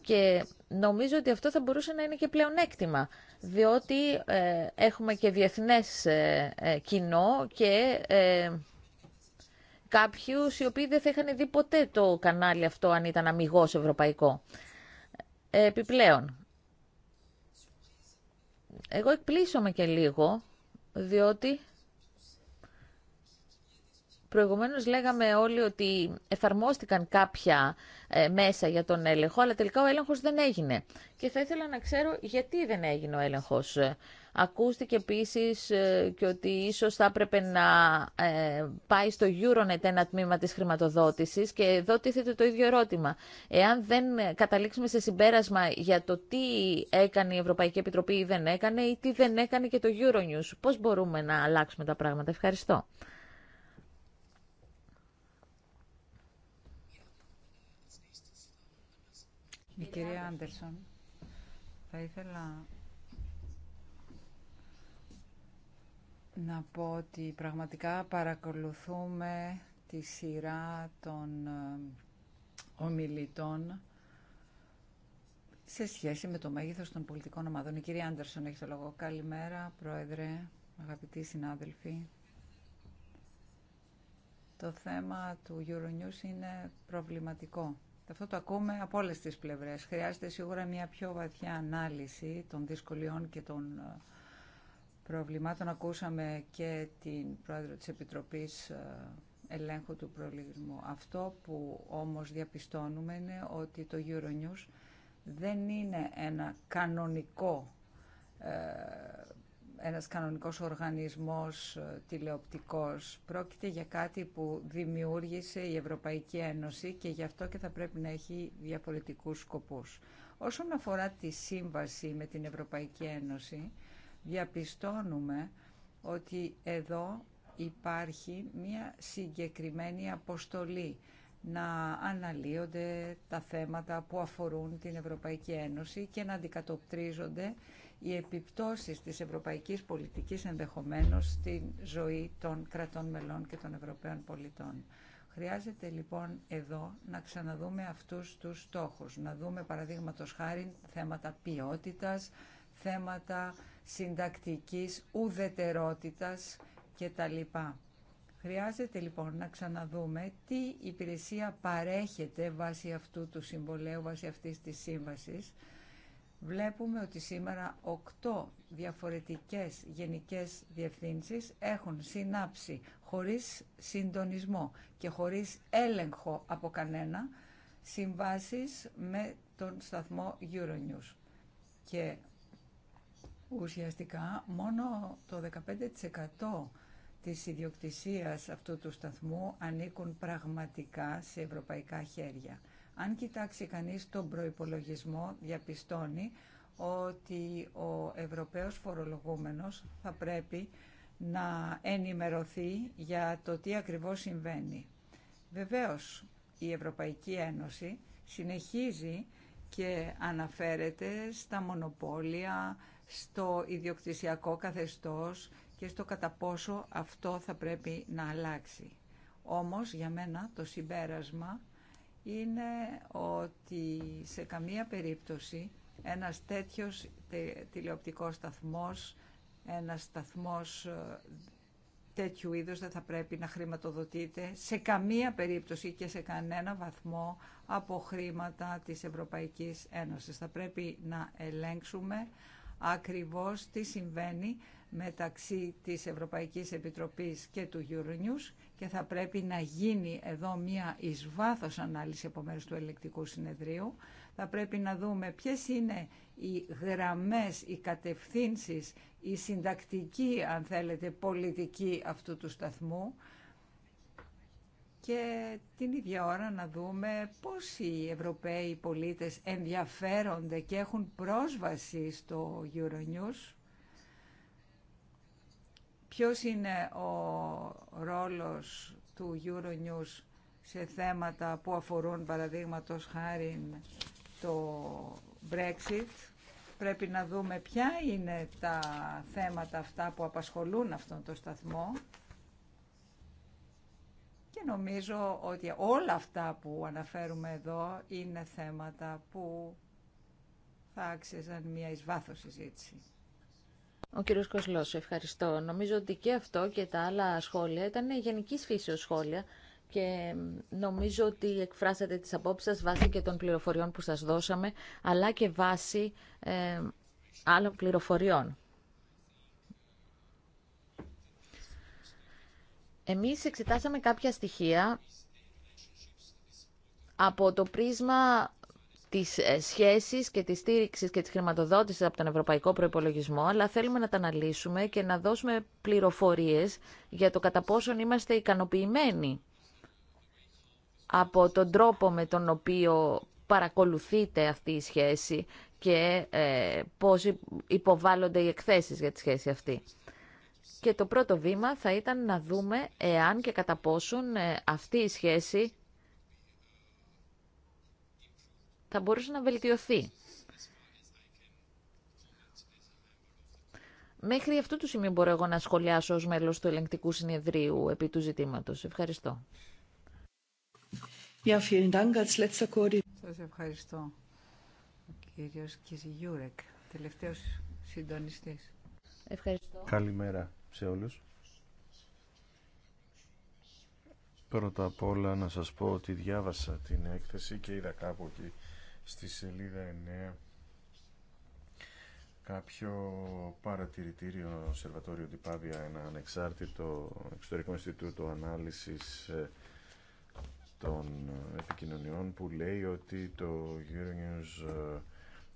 Και νομίζω ότι αυτό θα μπορούσε να είναι και πλεονέκτημα, διότι ε, έχουμε και διεθνές ε, ε, κοινό και ε, κάποιους οι οποίοι δεν θα είχαν δει ποτέ το κανάλι αυτό αν ήταν αμυγός ευρωπαϊκό. Επιπλέον, εγώ εκπλήσωμαι και λίγο, διότι Προηγουμένως λέγαμε όλοι ότι εφαρμόστηκαν κάποια ε, μέσα για τον έλεγχο, αλλά τελικά ο έλεγχος δεν έγινε. Και θα ήθελα να ξέρω γιατί δεν έγινε ο έλεγχος. Ακούστηκε επίσης ε, και ότι ίσως θα έπρεπε να ε, πάει στο Euronet ένα τμήμα της χρηματοδότησης και εδώ τίθεται το ίδιο ερώτημα. Εάν δεν καταλήξουμε σε συμπέρασμα για το τι έκανε η Ευρωπαϊκή Επιτροπή ή δεν έκανε ή τι δεν έκανε και το Euronews, πώς μπορούμε να αλλάξουμε τα πράγματα. Ευχαριστώ. Η κυρία Άντερσον, θα ήθελα να πω ότι πραγματικά παρακολουθούμε τη σειρά των ε, ομιλητών σε σχέση με το μέγεθος των πολιτικών ομάδων. Η κυρία Άντερσον έχει το λόγο. Καλημέρα, Πρόεδρε, αγαπητοί συνάδελφοι. Το θέμα του Euronews είναι προβληματικό. Αυτό το ακούμε από όλε τι πλευρέ. Χρειάζεται σίγουρα μια πιο βαθιά ανάλυση των δυσκολιών και των ε, προβλημάτων. Ακούσαμε και την πρόεδρο τη Επιτροπή ε, Ελέγχου του Προλίγμου. Αυτό που όμως διαπιστώνουμε είναι ότι το Euronews δεν είναι ένα κανονικό ε, ένας κανονικός οργανισμός ε, τηλεοπτικός. Πρόκειται για κάτι που δημιούργησε η Ευρωπαϊκή Ένωση και γι' αυτό και θα πρέπει να έχει διαφορετικούς σκοπούς. Όσον αφορά τη σύμβαση με την Ευρωπαϊκή Ένωση, διαπιστώνουμε ότι εδώ υπάρχει μια συγκεκριμένη αποστολή να αναλύονται τα θέματα που αφορούν την Ευρωπαϊκή Ένωση και να αντικατοπτρίζονται οι επιπτώσεις της ευρωπαϊκής πολιτικής ενδεχομένως στην ζωή των κρατών μελών και των Ευρωπαίων πολιτών. Χρειάζεται λοιπόν εδώ να ξαναδούμε αυτούς τους στόχους, να δούμε παραδείγματο χάρη θέματα ποιότητας, θέματα συντακτικής ουδετερότητας κτλ. Χρειάζεται λοιπόν να ξαναδούμε τι υπηρεσία παρέχεται βάσει αυτού του συμβολέου, βάσει αυτής της σύμβασης, βλέπουμε ότι σήμερα οκτώ διαφορετικές γενικές διευθύνσεις έχουν συνάψει χωρίς συντονισμό και χωρίς έλεγχο από κανένα συμβάσεις με τον σταθμό Euronews. Και ουσιαστικά μόνο το 15% της ιδιοκτησίας αυτού του σταθμού ανήκουν πραγματικά σε ευρωπαϊκά χέρια. Αν κοιτάξει κανείς τον προϋπολογισμό, διαπιστώνει ότι ο Ευρωπαίος φορολογούμενος θα πρέπει να ενημερωθεί για το τι ακριβώς συμβαίνει. Βεβαίως, η Ευρωπαϊκή Ένωση συνεχίζει και αναφέρεται στα μονοπόλια, στο ιδιοκτησιακό καθεστώς και στο κατά πόσο αυτό θα πρέπει να αλλάξει. Όμως για μένα το συμπέρασμα είναι ότι σε καμία περίπτωση ένας τέτοιος τηλεοπτικός σταθμός, ένας σταθμός ε, τέτοιου είδους δεν θα πρέπει να χρηματοδοτείται σε καμία περίπτωση και σε κανένα βαθμό από χρήματα της Ευρωπαϊκής Ένωσης. Θα πρέπει να ελέγξουμε ακριβώς τι συμβαίνει μεταξύ της Ευρωπαϊκής Επιτροπής και του Euronews και θα πρέπει να γίνει εδώ μία εις βάθος ανάλυση από μέρους του ελεκτικού συνεδρίου. Θα πρέπει να δούμε ποιες είναι οι γραμμές, οι κατευθύνσεις, η συντακτική, αν θέλετε, πολιτική αυτού του σταθμού και την ίδια ώρα να δούμε πώς οι Ευρωπαίοι πολίτες ενδιαφέρονται και έχουν πρόσβαση στο Euronews Ποιος είναι ο ρόλος του Euronews σε θέματα που αφορούν παραδείγματος χάρη το Brexit. Πρέπει να δούμε ποια είναι τα θέματα αυτά που απασχολούν αυτόν τον σταθμό. Και νομίζω ότι όλα αυτά που αναφέρουμε εδώ είναι θέματα που θα άξιζαν μια εις βάθος συζήτηση. Ο κύριο Κοσλό, ευχαριστώ. Νομίζω ότι και αυτό και τα άλλα σχόλια ήταν γενική φύσεω σχόλια και νομίζω ότι εκφράσατε τις απόψεις σας βάσει και των πληροφοριών που σας δώσαμε, αλλά και βάσει ε, άλλων πληροφοριών. Εμείς εξετάσαμε κάποια στοιχεία από το πρίσμα τι ε, σχέσεις και τη στήριξη και τη χρηματοδότηση από τον Ευρωπαϊκό Προπολογισμό, αλλά θέλουμε να τα αναλύσουμε και να δώσουμε πληροφορίε για το κατά πόσον είμαστε ικανοποιημένοι από τον τρόπο με τον οποίο παρακολουθείται αυτή η σχέση και ε, πώς υποβάλλονται οι εκθέσεις για τη σχέση αυτή. Και το πρώτο βήμα θα ήταν να δούμε εάν και κατά πόσον ε, αυτή η σχέση θα μπορούσε να βελτιωθεί. Μέχρι αυτού του σημείου μπορώ εγώ να σχολιάσω ως μέλος του ελεγκτικού συνεδρίου επί του ζητήματος. Ευχαριστώ. Ja, Σας ευχαριστώ. κύριος Κιζιγιούρεκ, τελευταίος συντονιστής. Ευχαριστώ. Καλημέρα σε όλους. Πρώτα απ' όλα να σας πω ότι διάβασα την έκθεση και είδα κάπου εκεί στη σελίδα 9 κάποιο παρατηρητήριο Σερβατόριο Τυπάβια, ένα ανεξάρτητο εξωτερικό Ινστιτούτο Ανάλυσης ε, των Επικοινωνιών που λέει ότι το Euronews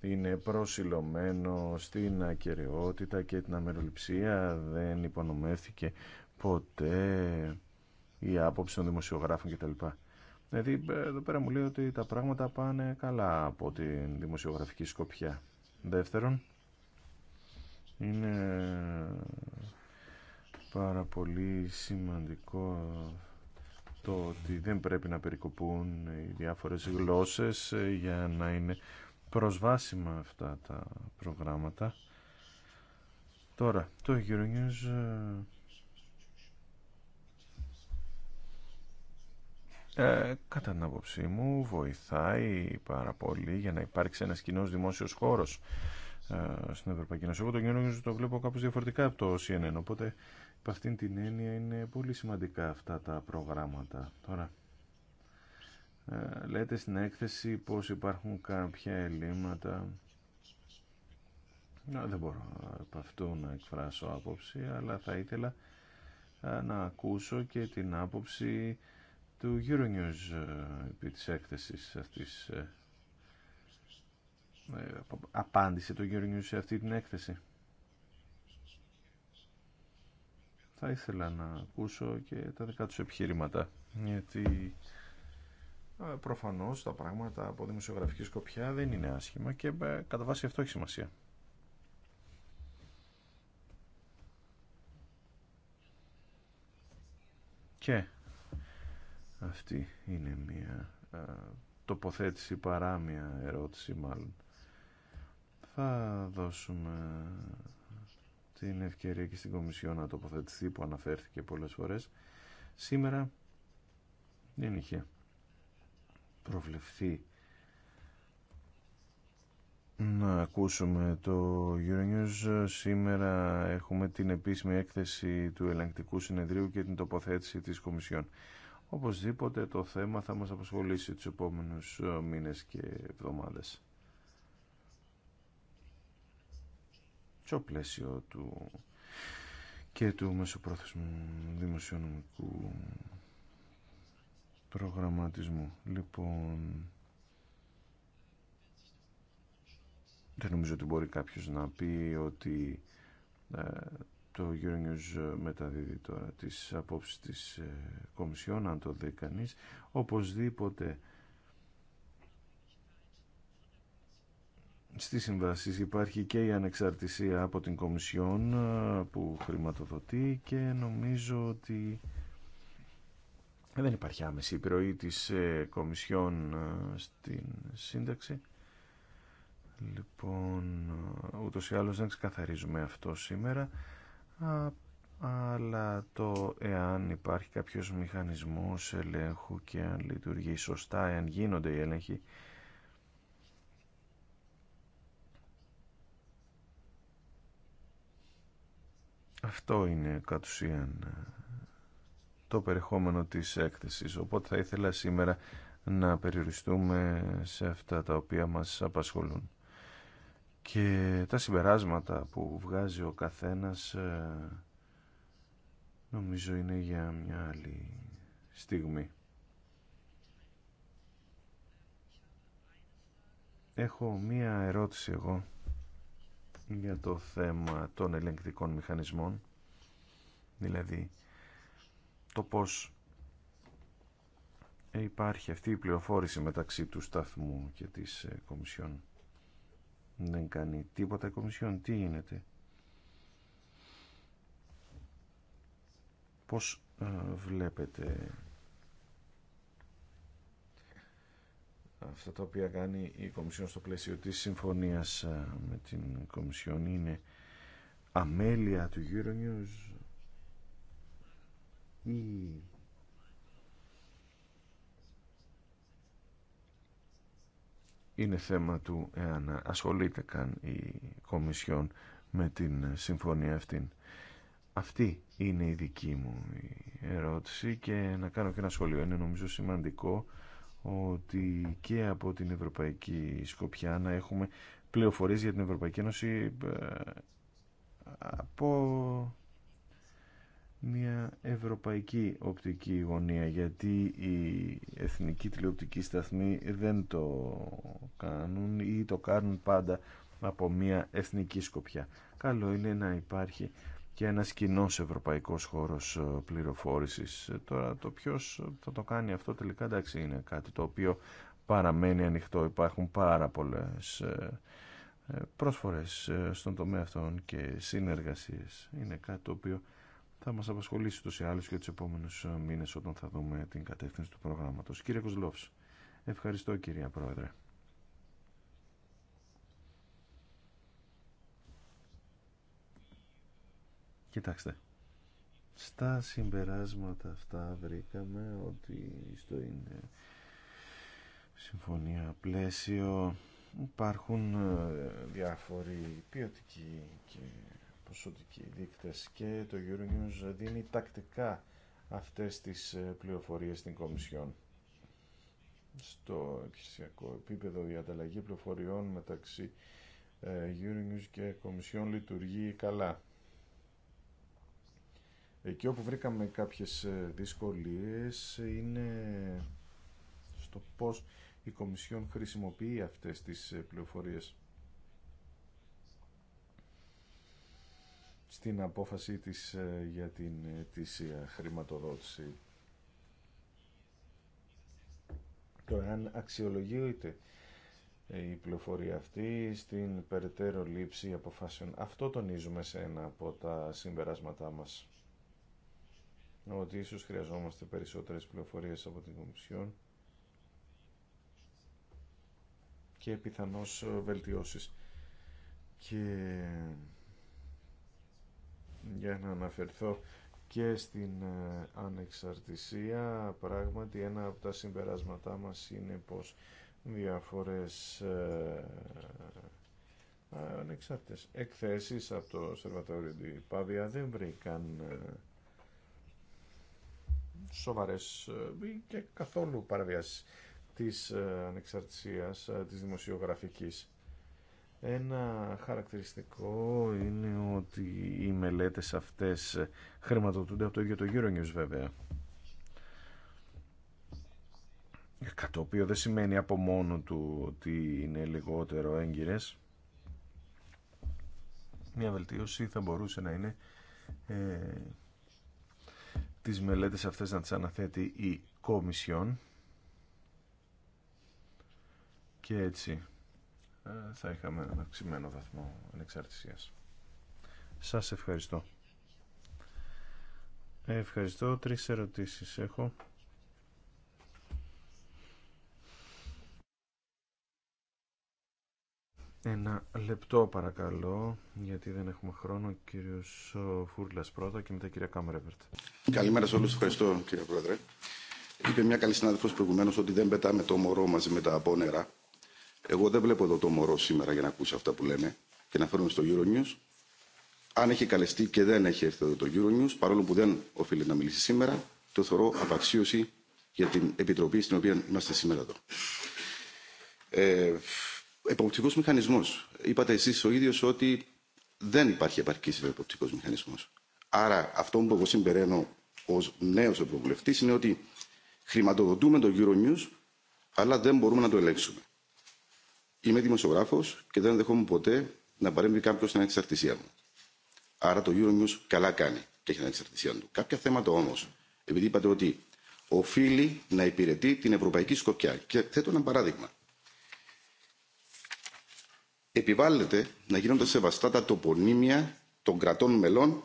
ε, είναι προσιλωμένο στην ακαιρεότητα και την αμεροληψία, δεν υπονομεύθηκε ποτέ η άποψη των δημοσιογράφων κτλ. Δηλαδή ε, εδώ πέρα μου λέει ότι τα πράγματα πάνε καλά από την δημοσιογραφική σκοπιά. Δεύτερον, είναι πάρα πολύ σημαντικό το ότι δεν πρέπει να περικοπούν οι διάφορες γλώσσες ε, για να είναι προσβάσιμα αυτά τα προγράμματα. Τώρα, το Euronews ε, Ε, κατά την άποψή μου βοηθάει πάρα πολύ για να υπάρξει ένας κοινός δημόσιος χώρος ε, στην Ευρωπαϊκή Ένωση. Εγώ το κοινό το βλέπω κάπως διαφορετικά από το CNN, οπότε υπ' αυτήν την έννοια είναι πολύ σημαντικά αυτά τα προγράμματα. Τώρα, ε, λέτε στην έκθεση πως υπάρχουν κάποια ελλείμματα. δεν μπορώ από αυτό να εκφράσω άποψη, αλλά θα ήθελα ε, να ακούσω και την άποψη του Euronews ε, επί της έκθεσης αυτής ε, ε, απάντησε το Euronews σε αυτή την έκθεση. Θα ήθελα να ακούσω και τα δικά τους επιχειρήματα, γιατί προφανώς τα πράγματα από δημοσιογραφική σκοπιά δεν είναι άσχημα και κατά βάση αυτό έχει σημασία. Και αυτή είναι μια ε, τοποθέτηση παρά μια ερώτηση μάλλον. Θα δώσουμε την ευκαιρία και στην Κομισιό να τοποθετηθεί που αναφέρθηκε πολλές φορές. Σήμερα δεν είχε προβλεφθεί να ακούσουμε το Euronews. Σήμερα έχουμε την επίσημη έκθεση του ελεγκτικού συνεδρίου και την τοποθέτηση της Κομισιόν. Οπωσδήποτε το θέμα θα μας απασχολήσει τους επόμενους ε, μήνες και εβδομάδες. Στο πλαίσιο του και του μεσοπρόθεσμου δημοσιονομικού προγραμματισμού. Λοιπόν, δεν νομίζω ότι μπορεί κάποιος να πει ότι ε, το Euronews ε, μεταδίδει τώρα τις απόψεις της ε, Κομισιόν, αν το δει κανείς. Οπωσδήποτε στη συμβάσεις υπάρχει και η ανεξαρτησία από την Κομισιόν ε, που χρηματοδοτεί και νομίζω ότι δεν υπάρχει άμεση επιρροή της Κομισιόν στην σύνταξη. Λοιπόν, ούτως ή άλλως δεν ξεκαθαρίζουμε αυτό σήμερα αλλά το εάν υπάρχει κάποιος μηχανισμός ελέγχου και αν λειτουργεί σωστά, εάν γίνονται οι έλεγχοι. Αυτό είναι κατ' ουσίαν ε, το περιεχόμενο της έκθεσης, οπότε θα ήθελα σήμερα να περιοριστούμε σε αυτά τα οποία μας απασχολούν και τα συμπεράσματα που βγάζει ο καθένας ε, νομίζω είναι για μια άλλη στιγμή. Έχω μία ερώτηση εγώ για το θέμα των ελεγκτικών μηχανισμών, δηλαδή το πώς υπάρχει αυτή η πληροφόρηση μεταξύ του σταθμού και της ε, Κομισιόν. Δεν κάνει τίποτα η Κομισιόν. Τι γίνεται. Πώς ε, βλέπετε αυτά τα οποία κάνει η Κομισιόν στο πλαίσιο της συμφωνίας ε, με την Κομισιόν είναι αμέλεια του Euronews ή είναι θέμα του εάν ασχολείται καν η Κομισιόν με την συμφωνία αυτή. Αυτή είναι η δική μου ερώτηση και να κάνω και ένα σχολείο Είναι νομίζω σημαντικό ότι και από την Ευρωπαϊκή Σκοπιά να έχουμε πληροφορίες για την Ευρωπαϊκή Ένωση ε, από μια ευρωπαϊκή οπτική γωνία γιατί η εθνική τηλεοπτικοί σταθμοί δεν το κάνουν ή το κάνουν πάντα από μια εθνική σκοπιά. Καλό είναι να υπάρχει και ένας κοινό ευρωπαϊκός χώρος ε, πληροφόρησης. Ε, τώρα το ποιος θα το κάνει αυτό τελικά εντάξει είναι κάτι το οποίο παραμένει ανοιχτό. Υπάρχουν πάρα πολλές ε, πρόσφορες στον τομέα αυτών και συνεργασίες. Είναι κάτι το οποίο θα μας απασχολήσει τους ή άλλους και τους επόμενους ε, μήνες όταν θα δούμε την κατεύθυνση του προγράμματος. Κύριε Κοσλόφς, ευχαριστώ κυρία Πρόεδρε. Κοιτάξτε, στα συμπεράσματα αυτά βρήκαμε ότι στο είναι συμφωνία πλαίσιο υπάρχουν ε, διάφοροι ποιοτικοί και ποσοτικοί δείκτες και το Euronews δίνει τακτικά αυτές τις ε, πληροφορίες στην Κομισιόν. Στο επιχειρησιακό επίπεδο η ανταλλαγή πληροφοριών μεταξύ ε, Euronews και Κομισιόν λειτουργεί καλά. Εκεί όπου βρήκαμε κάποιες ε, δυσκολίες είναι στο πώς η Κομισιόν χρησιμοποιεί αυτές τις πληροφορίες. στην απόφαση της ε, για την ετήσια χρηματοδότηση. Το εάν αξιολογείται ε, η πληροφορία αυτή στην περαιτέρω λήψη αποφάσεων. Αυτό τονίζουμε σε ένα από τα συμπεράσματά μας. Ότι ίσως χρειαζόμαστε περισσότερες πληροφορίες από την Κομισιόν και πιθανώς ε, βελτιώσεις. Και για να αναφερθώ και στην ε, ανεξαρτησία. Πράγματι, ένα από τα συμπεράσματά μας είναι πως διάφορες ε, ε, ανεξάρτητες εκθέσεις από το Σερβατόριο τη Πάβια δεν βρήκαν σοβαρές και καθόλου παραβιάσεις της ανεξαρτησίας της δημοσιογραφικής. Ένα χαρακτηριστικό είναι ότι οι μελέτες αυτές χρηματοδοτούνται από το ίδιο το Euronews βέβαια. Κατ' οποίο δεν σημαίνει από μόνο του ότι είναι λιγότερο έγκυρες. Μια βελτίωση θα μπορούσε να είναι ε, τις μελέτες αυτές να τις αναθέτει η Κομισιόν και έτσι ε, θα είχαμε ένα αυξημένο βαθμό ανεξαρτησίας. Σας ευχαριστώ. Ευχαριστώ. Τρεις ερωτήσεις έχω. Ένα λεπτό παρακαλώ, γιατί δεν έχουμε χρόνο. κύριος Φούρλας πρώτα και μετά κυρία Κάμερεβερτ. Καλημέρα σε όλους. Ευχαριστώ κύριε Πρόεδρε. Είπε μια καλή συνάδελφος προηγουμένως ότι δεν πετάμε το μωρό μαζί με τα απόνερα. Εγώ δεν βλέπω εδώ το μωρό σήμερα για να ακούσει αυτά που λέμε και να φέρουμε στο Euronews. Αν έχει καλεστεί και δεν έχει έρθει εδώ το Euronews, παρόλο που δεν οφείλει να μιλήσει σήμερα, το θεωρώ απαξίωση για την επιτροπή στην οποία είμαστε σήμερα εδώ. Ε, εποπτικό μηχανισμό. Είπατε εσεί ο ίδιο ότι δεν υπάρχει επαρκή εποπτικό μηχανισμό. Άρα, αυτό που εγώ συμπεραίνω ω νέο ευρωβουλευτή είναι ότι χρηματοδοτούμε το Euronews, αλλά δεν μπορούμε να το ελέγξουμε. Είμαι δημοσιογράφο και δεν δεχόμουν ποτέ να παρέμβει κάποιο στην ανεξαρτησία μου. Άρα το Euronews καλά κάνει και έχει την ανεξαρτησία του. Κάποια θέματα όμω, επειδή είπατε ότι οφείλει να υπηρετεί την ευρωπαϊκή σκοπιά. Και θέτω ένα παράδειγμα. Επιβάλλεται να γίνονται σεβαστά τα τοπονύμια των κρατών μελών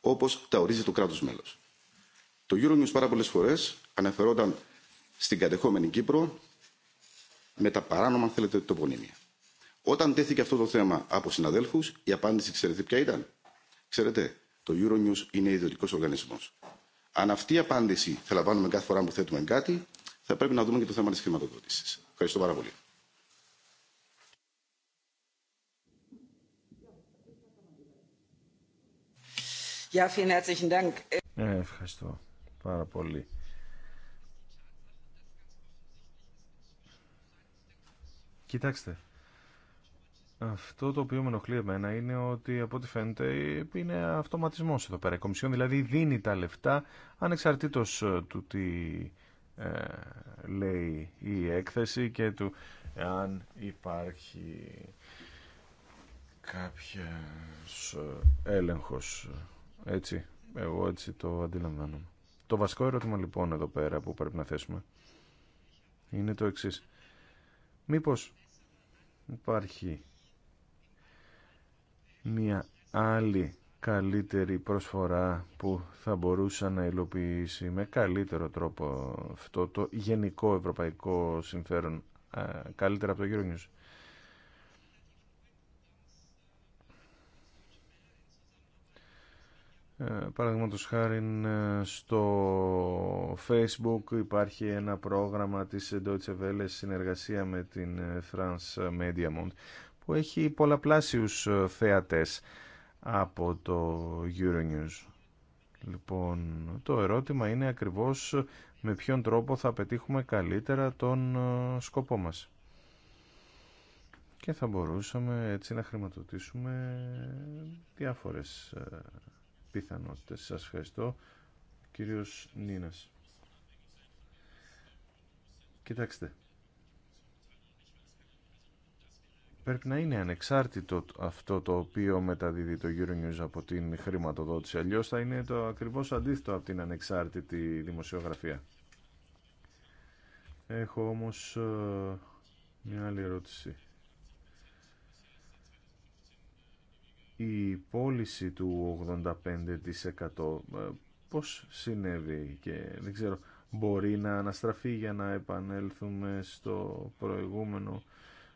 όπω τα ορίζει το κράτο μέλο. Το Euronews πάρα πολλέ φορέ αναφερόταν στην κατεχόμενη Κύπρο με τα παράνομα, αν θέλετε, τοπονύμια. Όταν τέθηκε αυτό το θέμα από συναδέλφου, η απάντηση ξέρετε ποια ήταν. Ξέρετε, το Euronews είναι ιδιωτικό οργανισμό. Αν αυτή η απάντηση θα λαμβάνουμε κάθε φορά που θέτουμε κάτι, θα πρέπει να δούμε και το θέμα τη χρηματοδότηση. Ευχαριστώ πάρα πολύ. Ε, ευχαριστώ πάρα πολύ. Κοιτάξτε, αυτό το οποίο με ενοχλεί εμένα είναι ότι από ό,τι φαίνεται είναι αυτοματισμός εδώ πέρα. Η Κομισιόν δηλαδή δίνει τα λεφτά ανεξαρτήτως ε, του τι ε, λέει η έκθεση και του αν υπάρχει κάποιος ε, έλεγχος. Έτσι, εγώ έτσι το αντιλαμβάνομαι. Το βασικό ερώτημα λοιπόν εδώ πέρα που πρέπει να θέσουμε είναι το εξής. Μήπως υπάρχει μια άλλη καλύτερη προσφορά που θα μπορούσε να υλοποιήσει με καλύτερο τρόπο αυτό το γενικό ευρωπαϊκό συμφέρον καλύτερα από το Euronews. Ε, Παραδείγματο χάρη ε, στο Facebook υπάρχει ένα πρόγραμμα της Deutsche Welle συνεργασία με την ε, France Media που έχει πολλαπλάσιους θεατές από το Euronews. Λοιπόν, το ερώτημα είναι ακριβώς με ποιον τρόπο θα πετύχουμε καλύτερα τον σκοπό μας. Και θα μπορούσαμε έτσι να χρηματοδοτήσουμε διάφορες πιθανότητες. Σας ευχαριστώ. Κύριος Νίνας. Κοιτάξτε. Πρέπει να είναι ανεξάρτητο αυτό το οποίο μεταδίδει το Euronews από την χρηματοδότηση. Αλλιώς θα είναι το ακριβώς αντίθετο από την ανεξάρτητη δημοσιογραφία. Έχω όμως ε, μια άλλη ερώτηση. η πώληση του 85% ε, πώς συνέβη και δεν ξέρω μπορεί να αναστραφεί για να επανέλθουμε στο προηγούμενο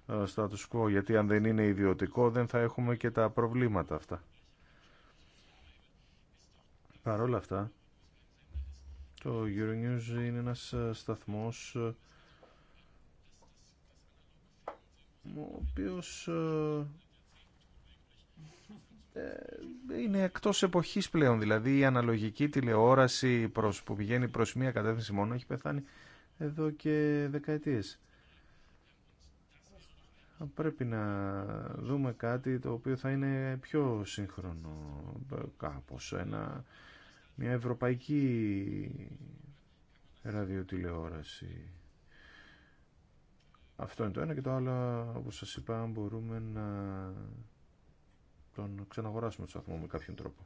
ε, status quo γιατί αν δεν είναι ιδιωτικό δεν θα έχουμε και τα προβλήματα αυτά. παρόλα αυτά το Euronews είναι ένας ε, σταθμός ο οποίος ε, είναι εκτός εποχής πλέον. Δηλαδή η αναλογική τηλεόραση προς, που πηγαίνει προς μία κατεύθυνση μόνο έχει πεθάνει εδώ και δεκαετίες. Πρέπει να δούμε κάτι το οποίο θα είναι πιο σύγχρονο κάπως. Ένα, μια ευρωπαϊκή ραδιοτηλεόραση. Αυτό είναι το ένα και το άλλο, όπως σας είπα, μπορούμε να τον ξαναγοράσουμε το σταθμό με κάποιον τρόπο.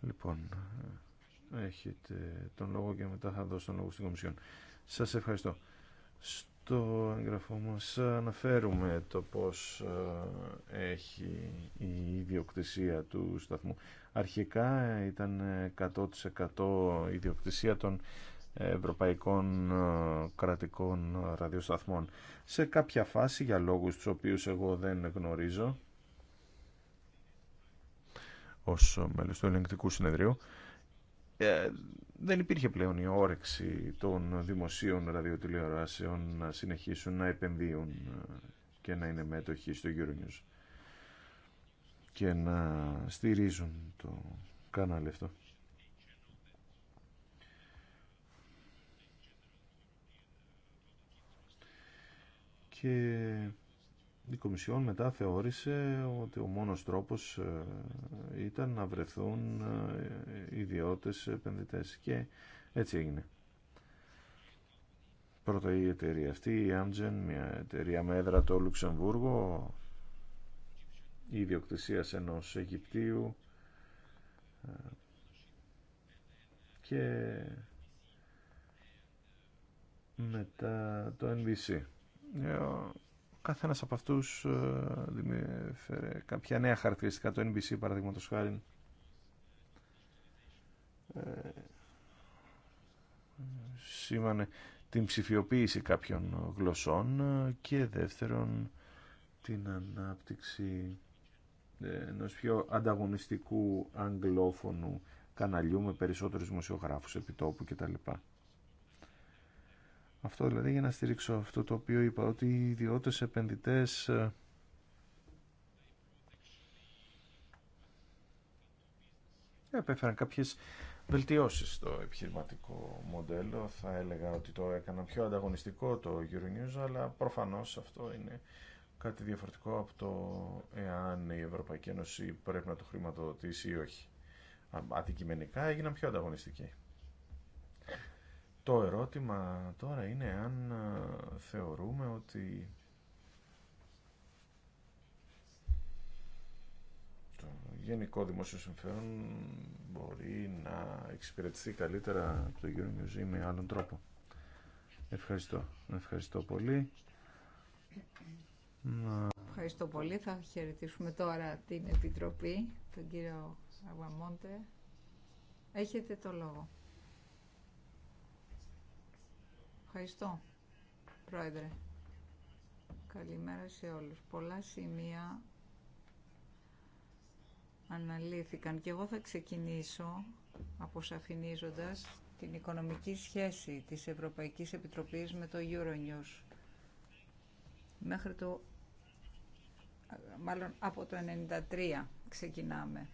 Λοιπόν, έχετε τον λόγο και μετά θα δώσω τον λόγο στην Κομισιόν. Σας ευχαριστώ. Στο εγγραφό μας αναφέρουμε το πώς ε, έχει η ιδιοκτησία του σταθμού. Αρχικά ήταν ε, 100% ιδιοκτησία των ευρωπαϊκών ε, κρατικών ε, ραδιοσταθμών. Σε κάποια φάση, για λόγους τους οποίους εγώ δεν γνωρίζω, ως μέλος του ελεγκτικού συνεδρίου, ε, δεν υπήρχε πλέον η όρεξη των δημοσίων ραδιοτηλεοράσεων να συνεχίσουν να επενδύουν και να είναι μέτοχοι στο Euronews και να στηρίζουν το κανάλι αυτό. και η Κομισιόν μετά θεώρησε ότι ο μόνος τρόπος ε, ήταν να βρεθούν ε, ιδιώτες επενδυτές και έτσι έγινε. Πρώτα η εταιρεία αυτή, η Amgen, μια εταιρεία με έδρα το Λουξεμβούργο, η ιδιοκτησία ενός Αιγυπτίου ε, και μετά το NBC. Ε, καθένας από αυτούς ε, δημιέφερε κάποια νέα χαρακτηριστικά το NBC παραδείγματος χάρη ε, σήμανε την ψηφιοποίηση κάποιων γλωσσών και δεύτερον την ανάπτυξη ενό πιο ανταγωνιστικού αγγλόφωνου καναλιού με περισσότερους δημοσιογράφους επιτόπου κτλ. Αυτό δηλαδή για να στηρίξω αυτό το οποίο είπα, ότι οι ιδιώτες επενδυτές ε, επέφεραν κάποιες βελτιώσεις στο επιχειρηματικό μοντέλο. Θα έλεγα ότι το έκανα πιο ανταγωνιστικό το Euronews, αλλά προφανώς αυτό είναι κάτι διαφορετικό από το εάν η Ευρωπαϊκή Ένωση πρέπει να το χρηματοδοτήσει ή όχι. Αντικειμενικά έγιναν πιο ανταγωνιστικοί. Το ερώτημα τώρα είναι αν ε, θεωρούμε ότι το γενικό δημόσιο συμφέρον μπορεί να εξυπηρετηθεί καλύτερα από το Euronews με άλλον τρόπο. Ευχαριστώ. Ευχαριστώ πολύ. Ευχαριστώ πολύ. Θα χαιρετήσουμε τώρα την Επιτροπή, τον κύριο Αγουαμόντε. Έχετε το λόγο. Ευχαριστώ, Πρόεδρε. Καλημέρα σε όλους. Πολλά σημεία αναλύθηκαν και εγώ θα ξεκινήσω αποσαφηνίζοντας την οικονομική σχέση της Ευρωπαϊκής Επιτροπής με το Euronews. Μέχρι το, μάλλον από το 1993 ξεκινάμε.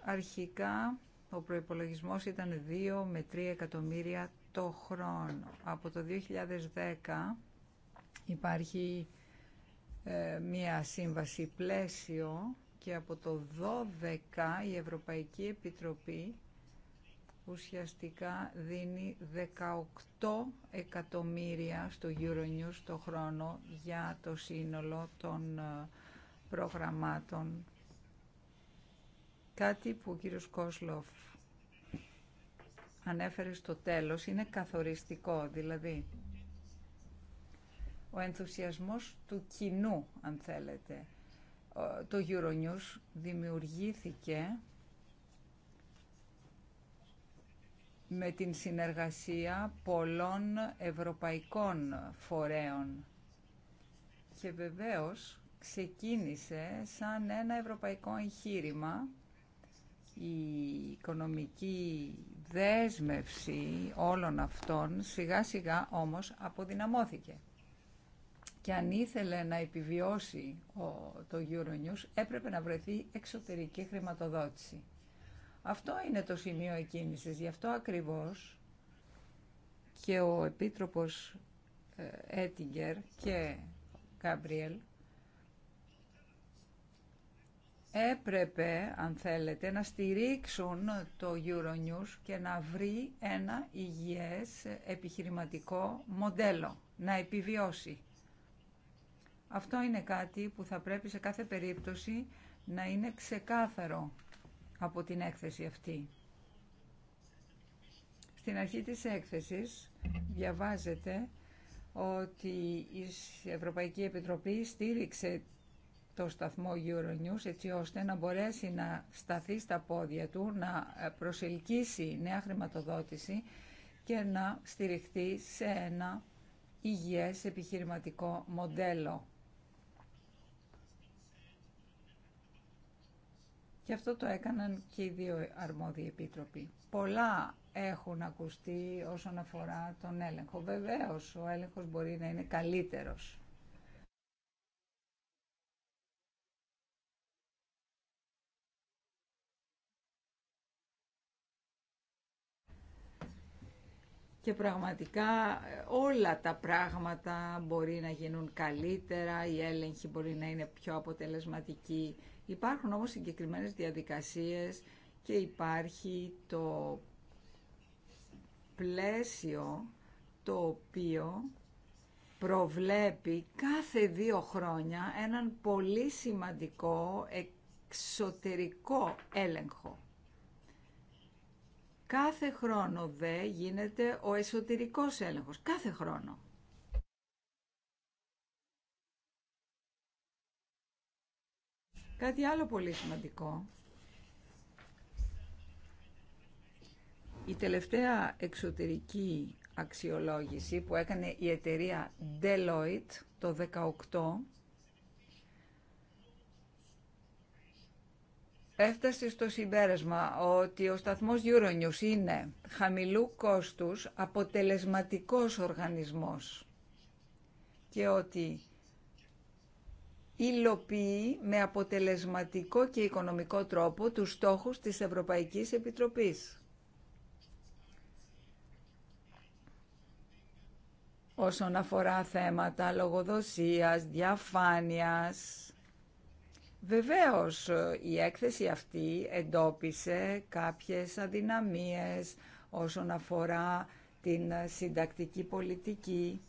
Αρχικά ο προϋπολογισμός ήταν 2 με 3 εκατομμύρια το χρόνο. Από το 2010 υπάρχει ε, μία σύμβαση πλαίσιο και από το 2012 η Ευρωπαϊκή Επιτροπή ουσιαστικά δίνει 18 εκατομμύρια στο Euronews το χρόνο για το σύνολο των ε, προγραμμάτων Κάτι που ο κύριος Κόσλοφ ανέφερε στο τέλος είναι καθοριστικό, δηλαδή ο ενθουσιασμός του κοινού, αν θέλετε. Το Euronews δημιουργήθηκε με την συνεργασία πολλών ευρωπαϊκών φορέων και βεβαίως ξεκίνησε σαν ένα ευρωπαϊκό εγχείρημα η οικονομική δέσμευση όλων αυτών σιγά σιγά όμως αποδυναμώθηκε. Και αν ήθελε να επιβιώσει το Euronews έπρεπε να βρεθεί εξωτερική χρηματοδότηση. Αυτό είναι το σημείο εκκίνησης. Γι' αυτό ακριβώς και ο Επίτροπος ε, Έτιγκερ και Γκάμπριελ έπρεπε, αν θέλετε, να στηρίξουν το Euronews και να βρει ένα υγιές επιχειρηματικό μοντέλο, να επιβιώσει. Αυτό είναι κάτι που θα πρέπει σε κάθε περίπτωση να είναι ξεκάθαρο από την έκθεση αυτή. Στην αρχή της έκθεσης διαβάζεται ότι η Ευρωπαϊκή Επιτροπή στήριξε το σταθμό Euronews έτσι ώστε να μπορέσει να σταθεί στα πόδια του, να ε, προσελκύσει νέα χρηματοδότηση και να στηριχτεί σε ένα υγιές επιχειρηματικό μοντέλο. Και αυτό το έκαναν και οι δύο αρμόδιοι επίτροποι. Πολλά έχουν ακουστεί όσον αφορά τον έλεγχο. Βεβαίως, ο έλεγχος μπορεί να είναι καλύτερος. και πραγματικά ε, όλα τα πράγματα μπορεί να γίνουν καλύτερα, η έλεγχη μπορεί να είναι πιο αποτελεσματική. Υπάρχουν όμως συγκεκριμένες διαδικασίες και υπάρχει το πλαίσιο το οποίο προβλέπει κάθε δύο χρόνια έναν πολύ σημαντικό εξωτερικό έλεγχο. Κάθε χρόνο δε γίνεται ο εσωτερικός έλεγχος. Κάθε χρόνο. Κάτι άλλο πολύ σημαντικό. Η τελευταία εξωτερική αξιολόγηση που έκανε η εταιρεία Deloitte το 18 έφτασε στο συμπέρασμα ότι ο σταθμός Euronews είναι χαμηλού κόστους αποτελεσματικός οργανισμός και ότι υλοποιεί με αποτελεσματικό και οικονομικό τρόπο τους στόχους της Ευρωπαϊκής Επιτροπής. Όσον αφορά θέματα λογοδοσίας, διαφάνειας, Βεβαίως η έκθεση αυτή εντόπισε κάποιες αδυναμίες όσον αφορά την συντακτική πολιτική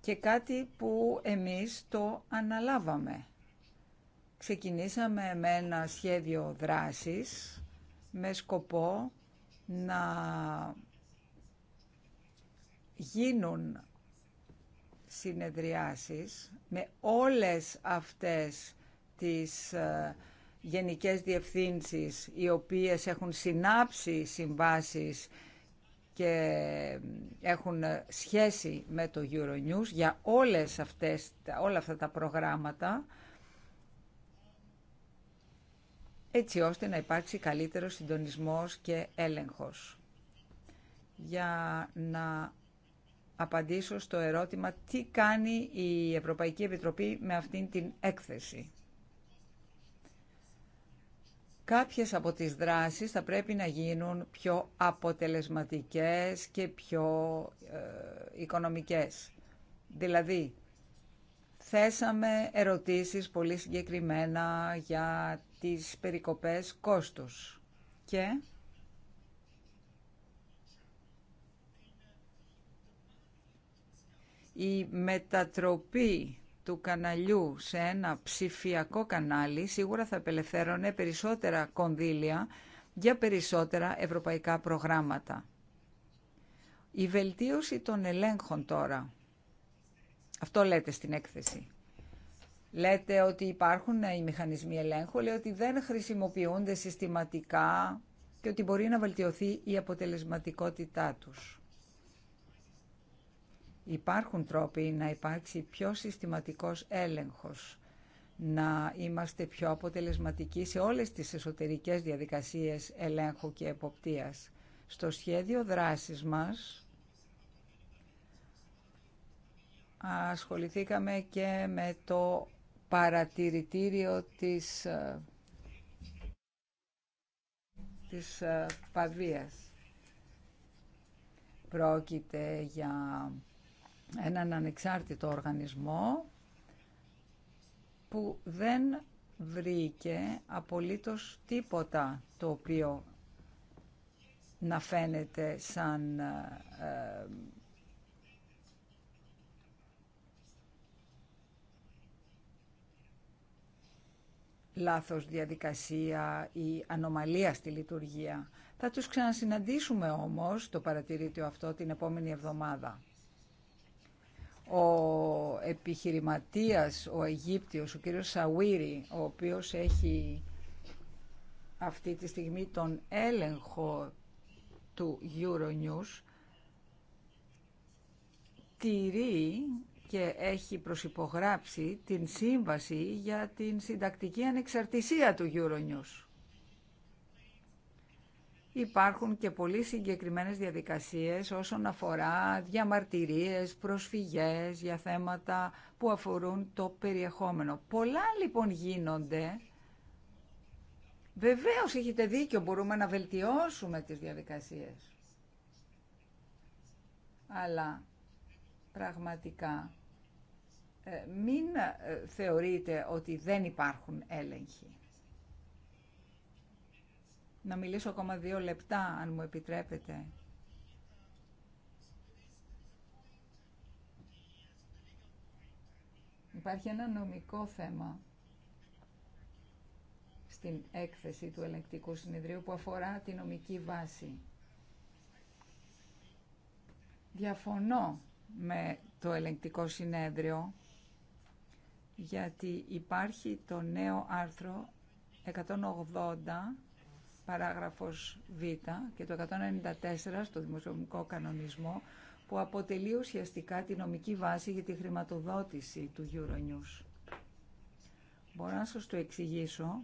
και κάτι που εμείς το αναλάβαμε. Ξεκινήσαμε με ένα σχέδιο δράσης με σκοπό να γίνουν συνεδριάσεις με όλες αυτές τις ε, γενικές διευθύνσεις οι οποίες έχουν συνάψει συμβάσεις και ε, έχουν ε, σχέση με το Euronews για όλες αυτές, όλα αυτά τα προγράμματα έτσι ώστε να υπάρξει καλύτερος συντονισμός και έλεγχος για να απαντήσω στο ερώτημα τι κάνει η Ευρωπαϊκή Επιτροπή με αυτήν την έκθεση. Κάποιες από τις δράσεις θα πρέπει να γίνουν πιο αποτελεσματικές και πιο ε, οικονομικές. Δηλαδή, θέσαμε ερωτήσεις πολύ συγκεκριμένα για τις περικοπές κόστους και η μετατροπή του καναλιού σε ένα ψηφιακό κανάλι σίγουρα θα απελευθέρωνε περισσότερα κονδύλια για περισσότερα ευρωπαϊκά προγράμματα. Η βελτίωση των ελέγχων τώρα. Αυτό λέτε στην έκθεση. Λέτε ότι υπάρχουν ε, οι μηχανισμοί ελέγχου, λέει ότι δεν χρησιμοποιούνται συστηματικά και ότι μπορεί να βελτιωθεί η αποτελεσματικότητά τους. Υπάρχουν τρόποι να υπάρξει πιο συστηματικός έλεγχος, να είμαστε πιο αποτελεσματικοί σε όλες τις εσωτερικές διαδικασίες ελέγχου και εποπτείας. Στο σχέδιο δράσης μας ασχοληθήκαμε και με το παρατηρητήριο της, ε, της ε, Πρόκειται για έναν ανεξάρτητο οργανισμό που δεν βρήκε απολύτως τίποτα το οποίο να φαίνεται σαν ε, λάθος διαδικασία ή ανομαλία στη λειτουργία. Θα τους ξανασυναντήσουμε όμως, το παρατηρήτιο αυτό, την επόμενη εβδομάδα ο επιχειρηματίας, ο Αιγύπτιος, ο κύριος Σαουίρη, ο οποίος έχει αυτή τη στιγμή τον έλεγχο του Euronews, τηρεί και έχει προσυπογράψει την σύμβαση για την συντακτική ανεξαρτησία του Euronews. Υπάρχουν και πολύ συγκεκριμένες διαδικασίες όσον αφορά διαμαρτυρίες, προσφυγές για θέματα που αφορούν το περιεχόμενο. Πολλά λοιπόν γίνονται. Βεβαίως έχετε δίκιο, μπορούμε να βελτιώσουμε τις διαδικασίες. Αλλά πραγματικά ε, μην ε, θεωρείτε ότι δεν υπάρχουν έλεγχοι να μιλήσω ακόμα δύο λεπτά, αν μου επιτρέπετε. Υπάρχει ένα νομικό θέμα στην έκθεση του ελεγκτικού συνεδρίου που αφορά τη νομική βάση. Διαφωνώ με το ελεγκτικό συνέδριο γιατί υπάρχει το νέο άρθρο 180 παράγραφος Β και το 194 στο δημοσιονομικό κανονισμό που αποτελεί ουσιαστικά τη νομική βάση για τη χρηματοδότηση του Euronews. Μπορώ να σας το εξηγήσω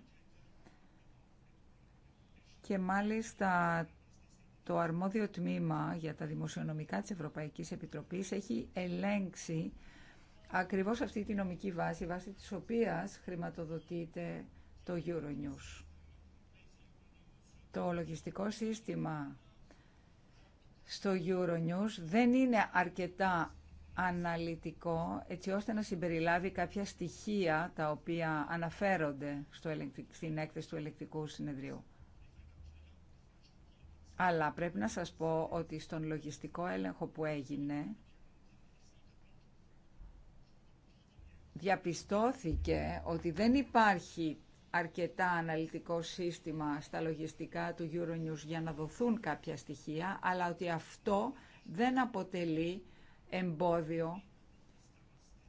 και μάλιστα το αρμόδιο τμήμα για τα δημοσιονομικά της Ευρωπαϊκής Επιτροπής έχει ελέγξει ακριβώς αυτή τη νομική βάση, βάση της οποίας χρηματοδοτείται το Euronews το λογιστικό σύστημα στο Euronews δεν είναι αρκετά αναλυτικό έτσι ώστε να συμπεριλάβει κάποια στοιχεία τα οποία αναφέρονται στο στην έκθεση του ελεκτικού συνεδρίου. Αλλά πρέπει να σας πω ότι στον λογιστικό έλεγχο που έγινε διαπιστώθηκε ότι δεν υπάρχει αρκετά αναλυτικό σύστημα στα λογιστικά του Euronews για να δοθούν κάποια στοιχεία, αλλά ότι αυτό δεν αποτελεί εμπόδιο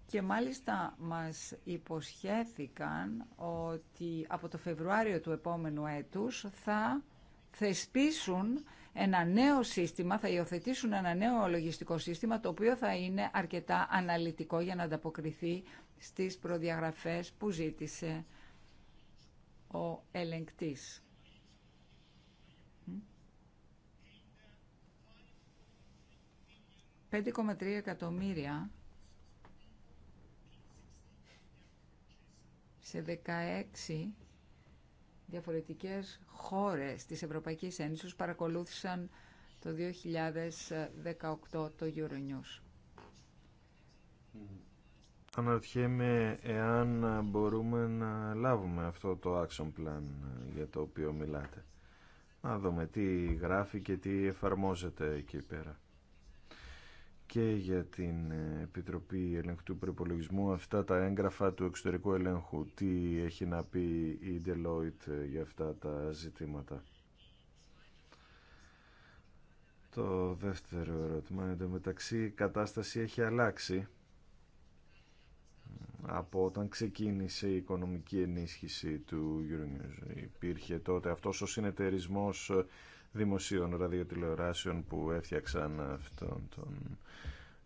και μάλιστα μας υποσχέθηκαν ότι από το Φεβρουάριο του επόμενου έτους θα θεσπίσουν ένα νέο σύστημα, θα υιοθετήσουν ένα νέο λογιστικό σύστημα το οποίο θα είναι αρκετά αναλυτικό για να ανταποκριθεί στις προδιαγραφές που ζήτησε ο ελεγκτής. ...5,3 εκατομμύρια σε 16 διαφορετικές χώρες της Ευρωπαϊκής Ένωσης παρακολούθησαν το 2018 το Euronews. Αναρωτιέμαι εάν μπορούμε να λάβουμε αυτό το action plan για το οποίο μιλάτε. Να δούμε τι γράφει και τι εφαρμόζεται εκεί πέρα. Και για την Επιτροπή του Προπολογισμού αυτά τα έγγραφα του εξωτερικού ελέγχου. Τι έχει να πει η Deloitte για αυτά τα ζητήματα. Το δεύτερο ερώτημα. είναι μεταξύ η κατάσταση έχει αλλάξει από όταν ξεκίνησε η οικονομική ενίσχυση του Euronews. Υπήρχε τότε αυτός ο συνεταιρισμός δημοσίων ραδιοτηλεοράσεων που έφτιαξαν αυτόν τον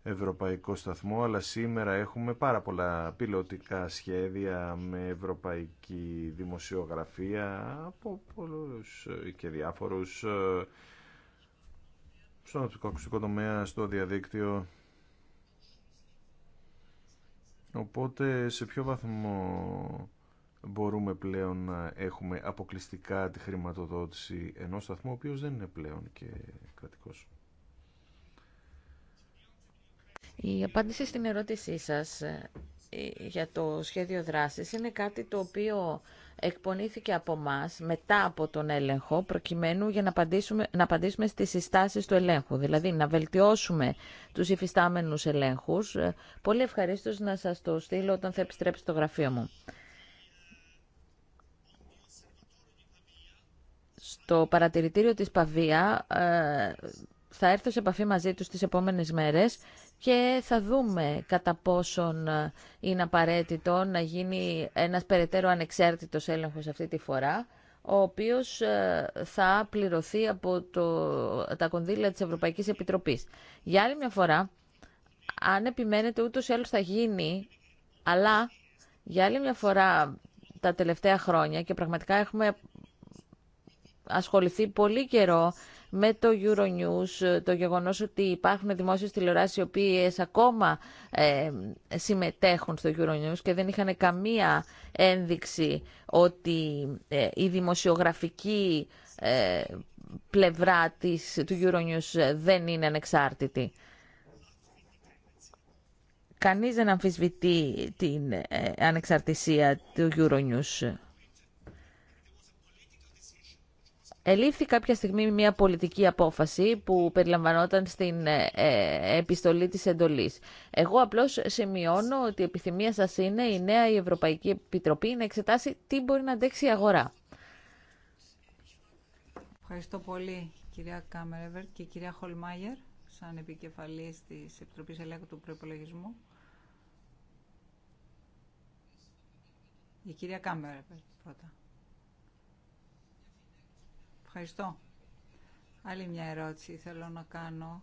ευρωπαϊκό σταθμό, αλλά σήμερα έχουμε πάρα πολλά πιλωτικά σχέδια με ευρωπαϊκή δημοσιογραφία από πολλούς και διάφορους ε, στον ακουστικό τομέα, στο διαδίκτυο Οπότε σε ποιο βαθμό μπορούμε πλέον να έχουμε αποκλειστικά τη χρηματοδότηση ενός σταθμού ο οποίος δεν είναι πλέον και κρατικός. Η απάντηση στην ερώτησή σας ε, για το σχέδιο δράσης είναι κάτι το οποίο εκπονήθηκε από εμά μετά από τον έλεγχο προκειμένου για να απαντήσουμε, να απαντήσουμε στις συστάσεις του ελέγχου, δηλαδή να βελτιώσουμε τους υφιστάμενους ελέγχους. Ε, πολύ ευχαρίστω να σας το στείλω όταν θα επιστρέψει στο γραφείο μου. Στο παρατηρητήριο της Παβία ε, θα έρθω σε επαφή μαζί τους τις επόμενες μέρες και θα δούμε κατά πόσον ε, είναι απαραίτητο να γίνει ένας περαιτέρω ανεξάρτητος έλεγχος αυτή τη φορά, ο οποίος ε, θα πληρωθεί από το, τα κονδύλια της Ευρωπαϊκής Επιτροπής. Για άλλη μια φορά, αν επιμένετε ούτως ή άλλως θα γίνει, αλλά για άλλη μια φορά τα τελευταία χρόνια και πραγματικά έχουμε ασχοληθεί πολύ καιρό με το Euronews, ε, το γεγονός ότι υπάρχουν δημόσιες τηλεοράσεις οι οποίες ακόμα ε, συμμετέχουν στο Euronews και δεν είχαν καμία ένδειξη ότι ε, η δημοσιογραφική ε, πλευρά της, του Euronews δεν είναι ανεξάρτητη. Κανείς δεν αμφισβητεί την ανεξαρτησία του Euronews. Ελήφθη κάποια στιγμή μια πολιτική απόφαση που περιλαμβανόταν στην ε, ε, επιστολή της εντολής. Εγώ απλώς σημειώνω ότι η επιθυμία σας είναι η νέα η Ευρωπαϊκή Επιτροπή να εξετάσει τι μπορεί να αντέξει η αγορά. Ευχαριστώ πολύ κυρία Κάμερεβερ και κυρία Χολμάγερ σαν επικεφαλής της Επιτροπής Ελέγχου του Προϋπολογισμού. Η κυρία Κάμερεβερ πρώτα. Ευχαριστώ. Άλλη μια ερώτηση θέλω να κάνω,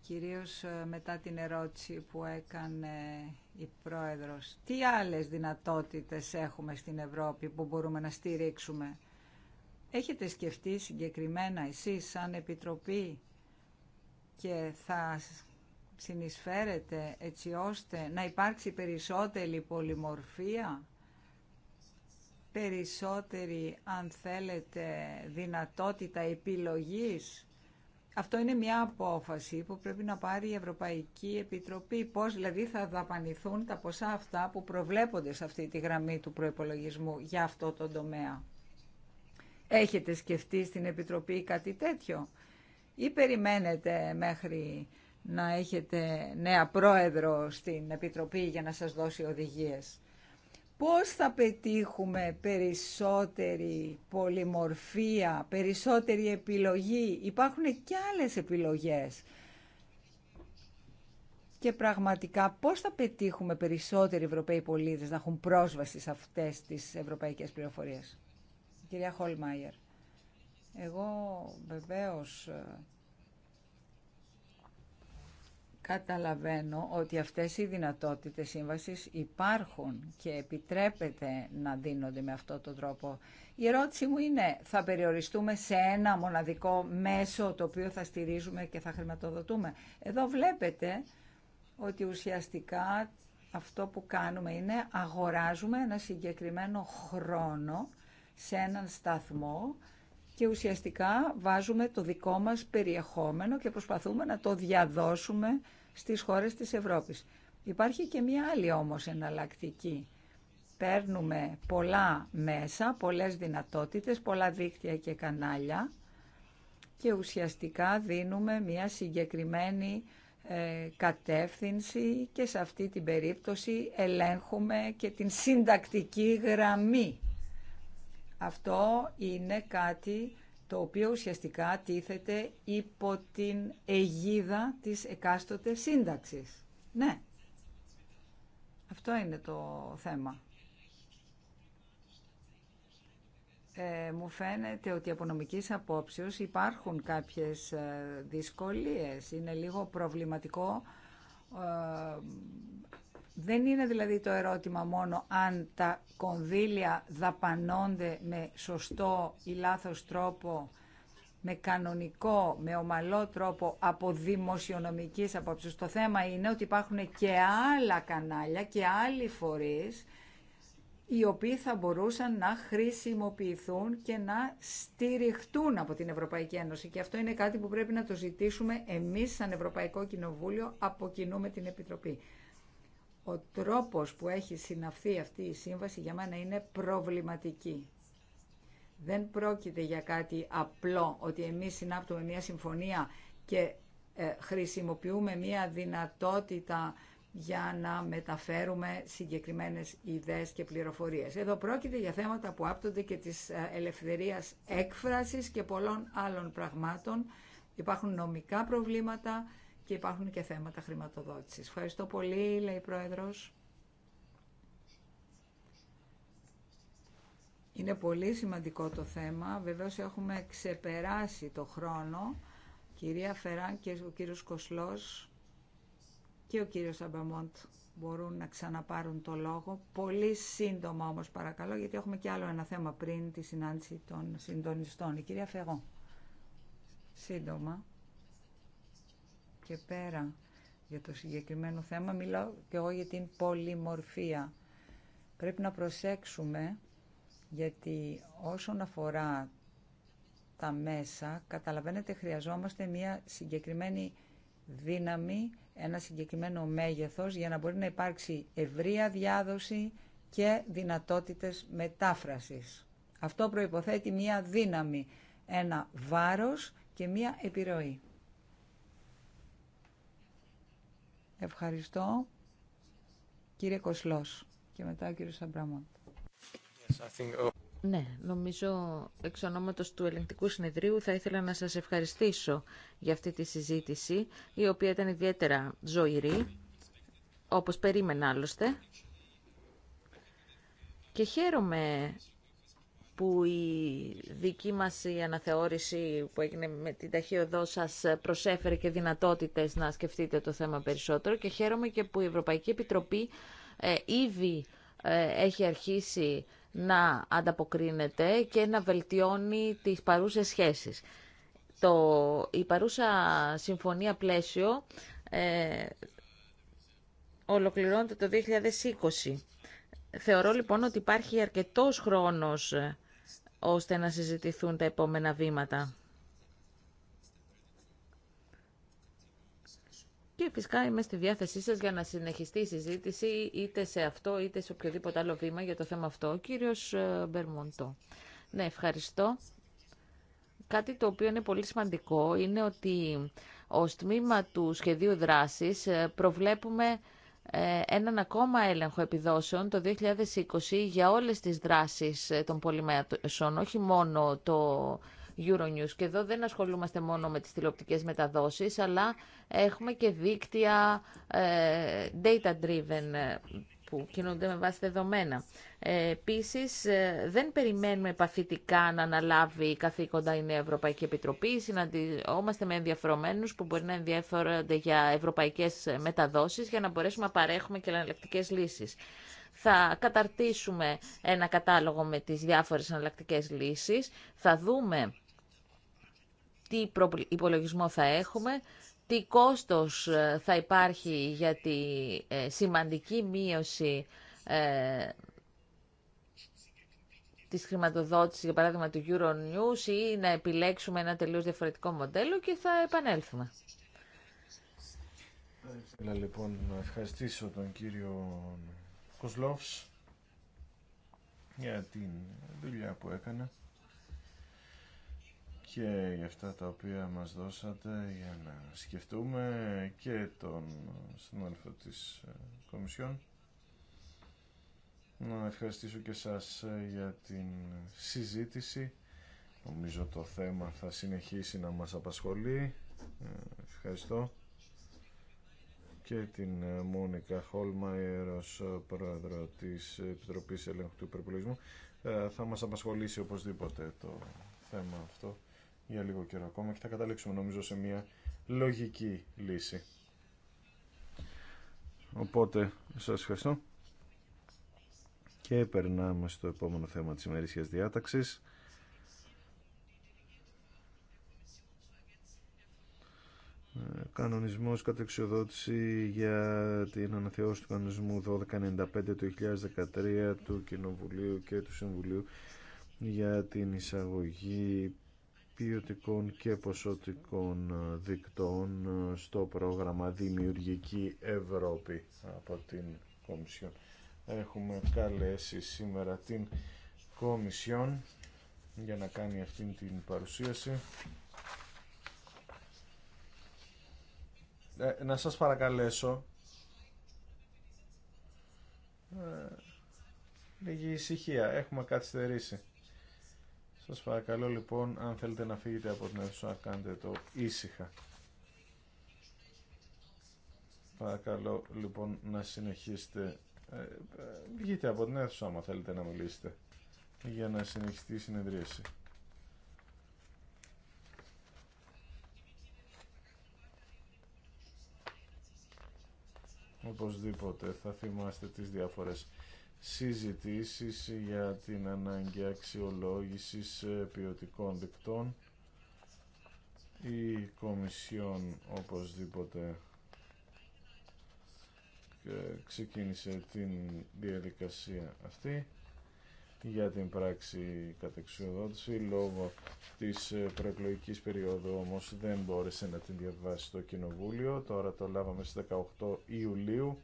κυρίως ε, μετά την ερώτηση που έκανε η Πρόεδρος. Τι άλλες δυνατότητες έχουμε στην Ευρώπη που μπορούμε να στηρίξουμε. Έχετε σκεφτεί συγκεκριμένα εσείς σαν Επιτροπή και θα συνεισφέρετε έτσι ώστε να υπάρξει περισσότερη πολυμορφία περισσότερη, αν θέλετε, δυνατότητα επιλογής. Αυτό είναι μια απόφαση που πρέπει να πάρει η Ευρωπαϊκή Επιτροπή. Πώς δηλαδή θα δαπανηθούν τα ποσά αυτά που προβλέπονται σε αυτή τη γραμμή του προϋπολογισμού για αυτό το τομέα. Έχετε σκεφτεί στην Επιτροπή κάτι τέτοιο ή περιμένετε μέχρι να έχετε νέα πρόεδρο στην Επιτροπή για να σας δώσει οδηγίες. Πώς θα πετύχουμε περισσότερη πολυμορφία, περισσότερη επιλογή. Υπάρχουν και άλλες επιλογές. Και πραγματικά πώς θα πετύχουμε περισσότεροι Ευρωπαίοι πολίτες να έχουν πρόσβαση σε αυτές τις ευρωπαϊκές πληροφορίες. Κυρία Χολμάιερ, εγώ βεβαίως ε, Καταλαβαίνω ότι αυτές οι δυνατότητες σύμβασης υπάρχουν και επιτρέπεται να δίνονται με αυτό τον τρόπο. Η ερώτηση μου είναι, θα περιοριστούμε σε ένα μοναδικό μέσο το οποίο θα στηρίζουμε και θα χρηματοδοτούμε. Εδώ βλέπετε ότι ουσιαστικά αυτό που κάνουμε είναι αγοράζουμε ένα συγκεκριμένο χρόνο σε έναν σταθμό και ουσιαστικά βάζουμε το δικό μας περιεχόμενο και προσπαθούμε να το διαδώσουμε στις χώρες της Ευρώπης. Υπάρχει και μία άλλη όμως εναλλακτική. Παίρνουμε πολλά μέσα, πολλές δυνατότητες, πολλά δίκτυα και κανάλια και ουσιαστικά δίνουμε μία συγκεκριμένη ε, κατεύθυνση και σε αυτή την περίπτωση ελέγχουμε και την συντακτική γραμμή αυτό είναι κάτι το οποίο ουσιαστικά τίθεται υπό την αιγίδα της εκάστοτε σύνταξης. Ναι, αυτό είναι το θέμα. Ε, μου φαίνεται ότι από νομικής απόψεως υπάρχουν κάποιες ε, δυσκολίες. Είναι λίγο προβληματικό ε, δεν είναι δηλαδή το ερώτημα μόνο αν τα κονδύλια δαπανώνται με σωστό ή λάθος τρόπο, με κανονικό, με ομαλό τρόπο από δημοσιονομικής απόψης. Το θέμα είναι ότι υπάρχουν και άλλα κανάλια και άλλοι φορείς οι οποίοι θα μπορούσαν να χρησιμοποιηθούν και να στηριχτούν από την Ευρωπαϊκή Ένωση. Και αυτό είναι κάτι που πρέπει να το ζητήσουμε εμείς σαν Ευρωπαϊκό Κοινοβούλιο από κοινού με την Επιτροπή ο τρόπος που έχει συναυθεί αυτή η σύμβαση για μένα είναι προβληματική. Δεν πρόκειται για κάτι απλό ότι εμείς συνάπτουμε μια συμφωνία και ε, χρησιμοποιούμε μια δυνατότητα για να μεταφέρουμε συγκεκριμένες ιδέες και πληροφορίες. Εδώ πρόκειται για θέματα που άπτονται και της ε, ελευθερίας έκφρασης και πολλών άλλων πραγμάτων. Υπάρχουν νομικά προβλήματα, και υπάρχουν και θέματα χρηματοδότησης. Ευχαριστώ πολύ, λέει η Πρόεδρος. Είναι πολύ σημαντικό το θέμα. Βεβαίως έχουμε ξεπεράσει το χρόνο. Κυρία Φεράν και ο κύριος Κοσλός και ο κύριος Αμπαμόντ μπορούν να ξαναπάρουν το λόγο. Πολύ σύντομα όμως παρακαλώ, γιατί έχουμε και άλλο ένα θέμα πριν τη συνάντηση των συντονιστών. Η κυρία Φεγό, σύντομα και πέρα για το συγκεκριμένο θέμα. Μιλάω και εγώ για την πολυμορφία. Πρέπει να προσέξουμε γιατί όσον αφορά τα μέσα, καταλαβαίνετε χρειαζόμαστε μια συγκεκριμένη δύναμη, ένα συγκεκριμένο μέγεθος για να μπορεί να υπάρξει ευρεία διάδοση και δυνατότητες μετάφρασης. Αυτό προϋποθέτει μια δύναμη, ένα βάρος και μια επιρροή. Ευχαριστώ. Κύριε Κοσλός και μετά ο κύριος Αμπραμόντ. Oh. Ναι, νομίζω εξ ονόματος του Ελεγκτικού Συνεδρίου θα ήθελα να σας ευχαριστήσω για αυτή τη συζήτηση, η οποία ήταν ιδιαίτερα ζωηρή, όπως περίμενα άλλωστε. Και χαίρομαι που η δική μας η αναθεώρηση που έγινε με την ταχύοδό σας προσέφερε και δυνατότητες να σκεφτείτε το θέμα περισσότερο και χαίρομαι και που η Ευρωπαϊκή Επιτροπή ε, ήδη ε, έχει αρχίσει να ανταποκρίνεται και να βελτιώνει τις παρούσες σχέσεις. Το, η παρούσα συμφωνία πλαίσιο ε, ολοκληρώνεται το 2020. Θεωρώ λοιπόν ότι υπάρχει αρκετός χρόνος ε, ώστε να συζητηθούν τα επόμενα βήματα. Και φυσικά είμαι στη διάθεσή σας για να συνεχιστεί η συζήτηση είτε σε αυτό είτε σε οποιοδήποτε άλλο βήμα για το θέμα αυτό. κύριος ε, Μπερμοντό. Ναι, ευχαριστώ. Κάτι το οποίο είναι πολύ σημαντικό είναι ότι ως τμήμα του σχεδίου δράσης ε, προβλέπουμε ε, έναν ακόμα έλεγχο επιδόσεων το 2020 για όλες τις δράσεις ε, των πολυμέσων, όχι μόνο το Euronews. Και εδώ δεν ασχολούμαστε μόνο με τις τηλεοπτικές μεταδόσεις, αλλά έχουμε και δίκτυα ε, data-driven που κινούνται με βάση δεδομένα. Ε, Επίση, ε, δεν περιμένουμε παθητικά να αναλάβει η καθήκοντα η Νέα Ευρωπαϊκή Επιτροπή. Συναντιόμαστε με ενδιαφερομένου που μπορεί να ενδιαφέρονται για ευρωπαϊκέ μεταδόσει για να μπορέσουμε να παρέχουμε και εναλλακτικέ λύσει. Θα καταρτήσουμε ένα κατάλογο με τις διάφορες εναλλακτικέ λύσει. Θα δούμε τι υπολογισμό θα έχουμε τι κόστος ε, θα υπάρχει για τη ε, σημαντική μείωση ε, της χρηματοδότησης, για παράδειγμα, του Euronews ή να επιλέξουμε ένα τελείως διαφορετικό μοντέλο και θα επανέλθουμε. Θα λοιπόν να ευχαριστήσω τον κύριο Κοσλόφς για την δουλειά που έκανα και για αυτά τα οποία μας δώσατε για να σκεφτούμε και τον συνόλφο της ε, Κομισιόν. Να ευχαριστήσω και σας ε, για την συζήτηση. Νομίζω το θέμα θα συνεχίσει να μας απασχολεί. Ε, ευχαριστώ και την Μόνικα Χόλμα, ως πρόεδρο της Επιτροπής Ελέγχου του Υπερπολισμού. Θα μας απασχολήσει οπωσδήποτε το θέμα αυτό για λίγο καιρό ακόμα και θα καταλήξουμε νομίζω σε μια λογική λύση. Οπότε σας ευχαριστώ και περνάμε στο επόμενο θέμα της ημερήσιας διάταξης. Ε, κανονισμός κατεξιοδότηση για την αναθεώρηση του κανονισμού 1295 του 2013 του Κοινοβουλίου και του Συμβουλίου για την εισαγωγή ποιοτικών και ποσοτικών ε, δικτών ε, στο πρόγραμμα Δημιουργική Ευρώπη από την Κομισιόν. Έχουμε καλέσει σήμερα την Κομισιόν για να κάνει αυτήν την παρουσίαση. Ε, να σας παρακαλέσω λίγη ησυχία. Έχουμε καθυστερήσει. Σας παρακαλώ λοιπόν αν θέλετε να φύγετε από την αίθουσα κάντε το ήσυχα. Παρακαλώ λοιπόν να συνεχίσετε. Ε, ε, βγείτε από την αίθουσα άμα θέλετε να μιλήσετε για να συνεχιστεί η συνεδρίαση. Οπωσδήποτε θα θυμάστε τις διάφορες συζητήσεις για την ανάγκη αξιολόγησης ε, ποιοτικών δικτών. Η Κομισιόν οπωσδήποτε ε, ξεκίνησε την διαδικασία αυτή για την πράξη κατεξοδότηση. λόγω της ε, προεκλογικής περίοδου όμως δεν μπόρεσε να την διαβάσει το Κοινοβούλιο τώρα το λάβαμε στις 18 Ιουλίου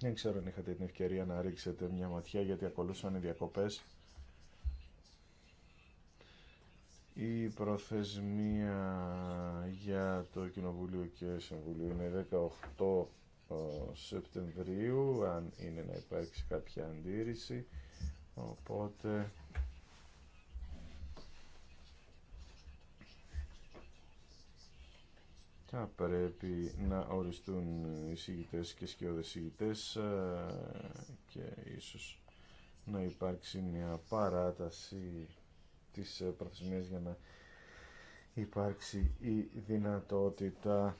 δεν ξέρω αν είχατε την ευκαιρία να ρίξετε μια ματιά γιατί ακολούσαν οι διακοπές. Η προθεσμία για το Κοινοβούλιο και Συμβούλιο είναι 18 ε, Σεπτεμβρίου, αν είναι να υπάρξει κάποια αντίρρηση. Οπότε θα πρέπει να οριστούν οι συγητές και σκιώδες συγητές ε, και ίσως να υπάρξει μια παράταση της ε, προθεσμίας για να υπάρξει η δυνατότητα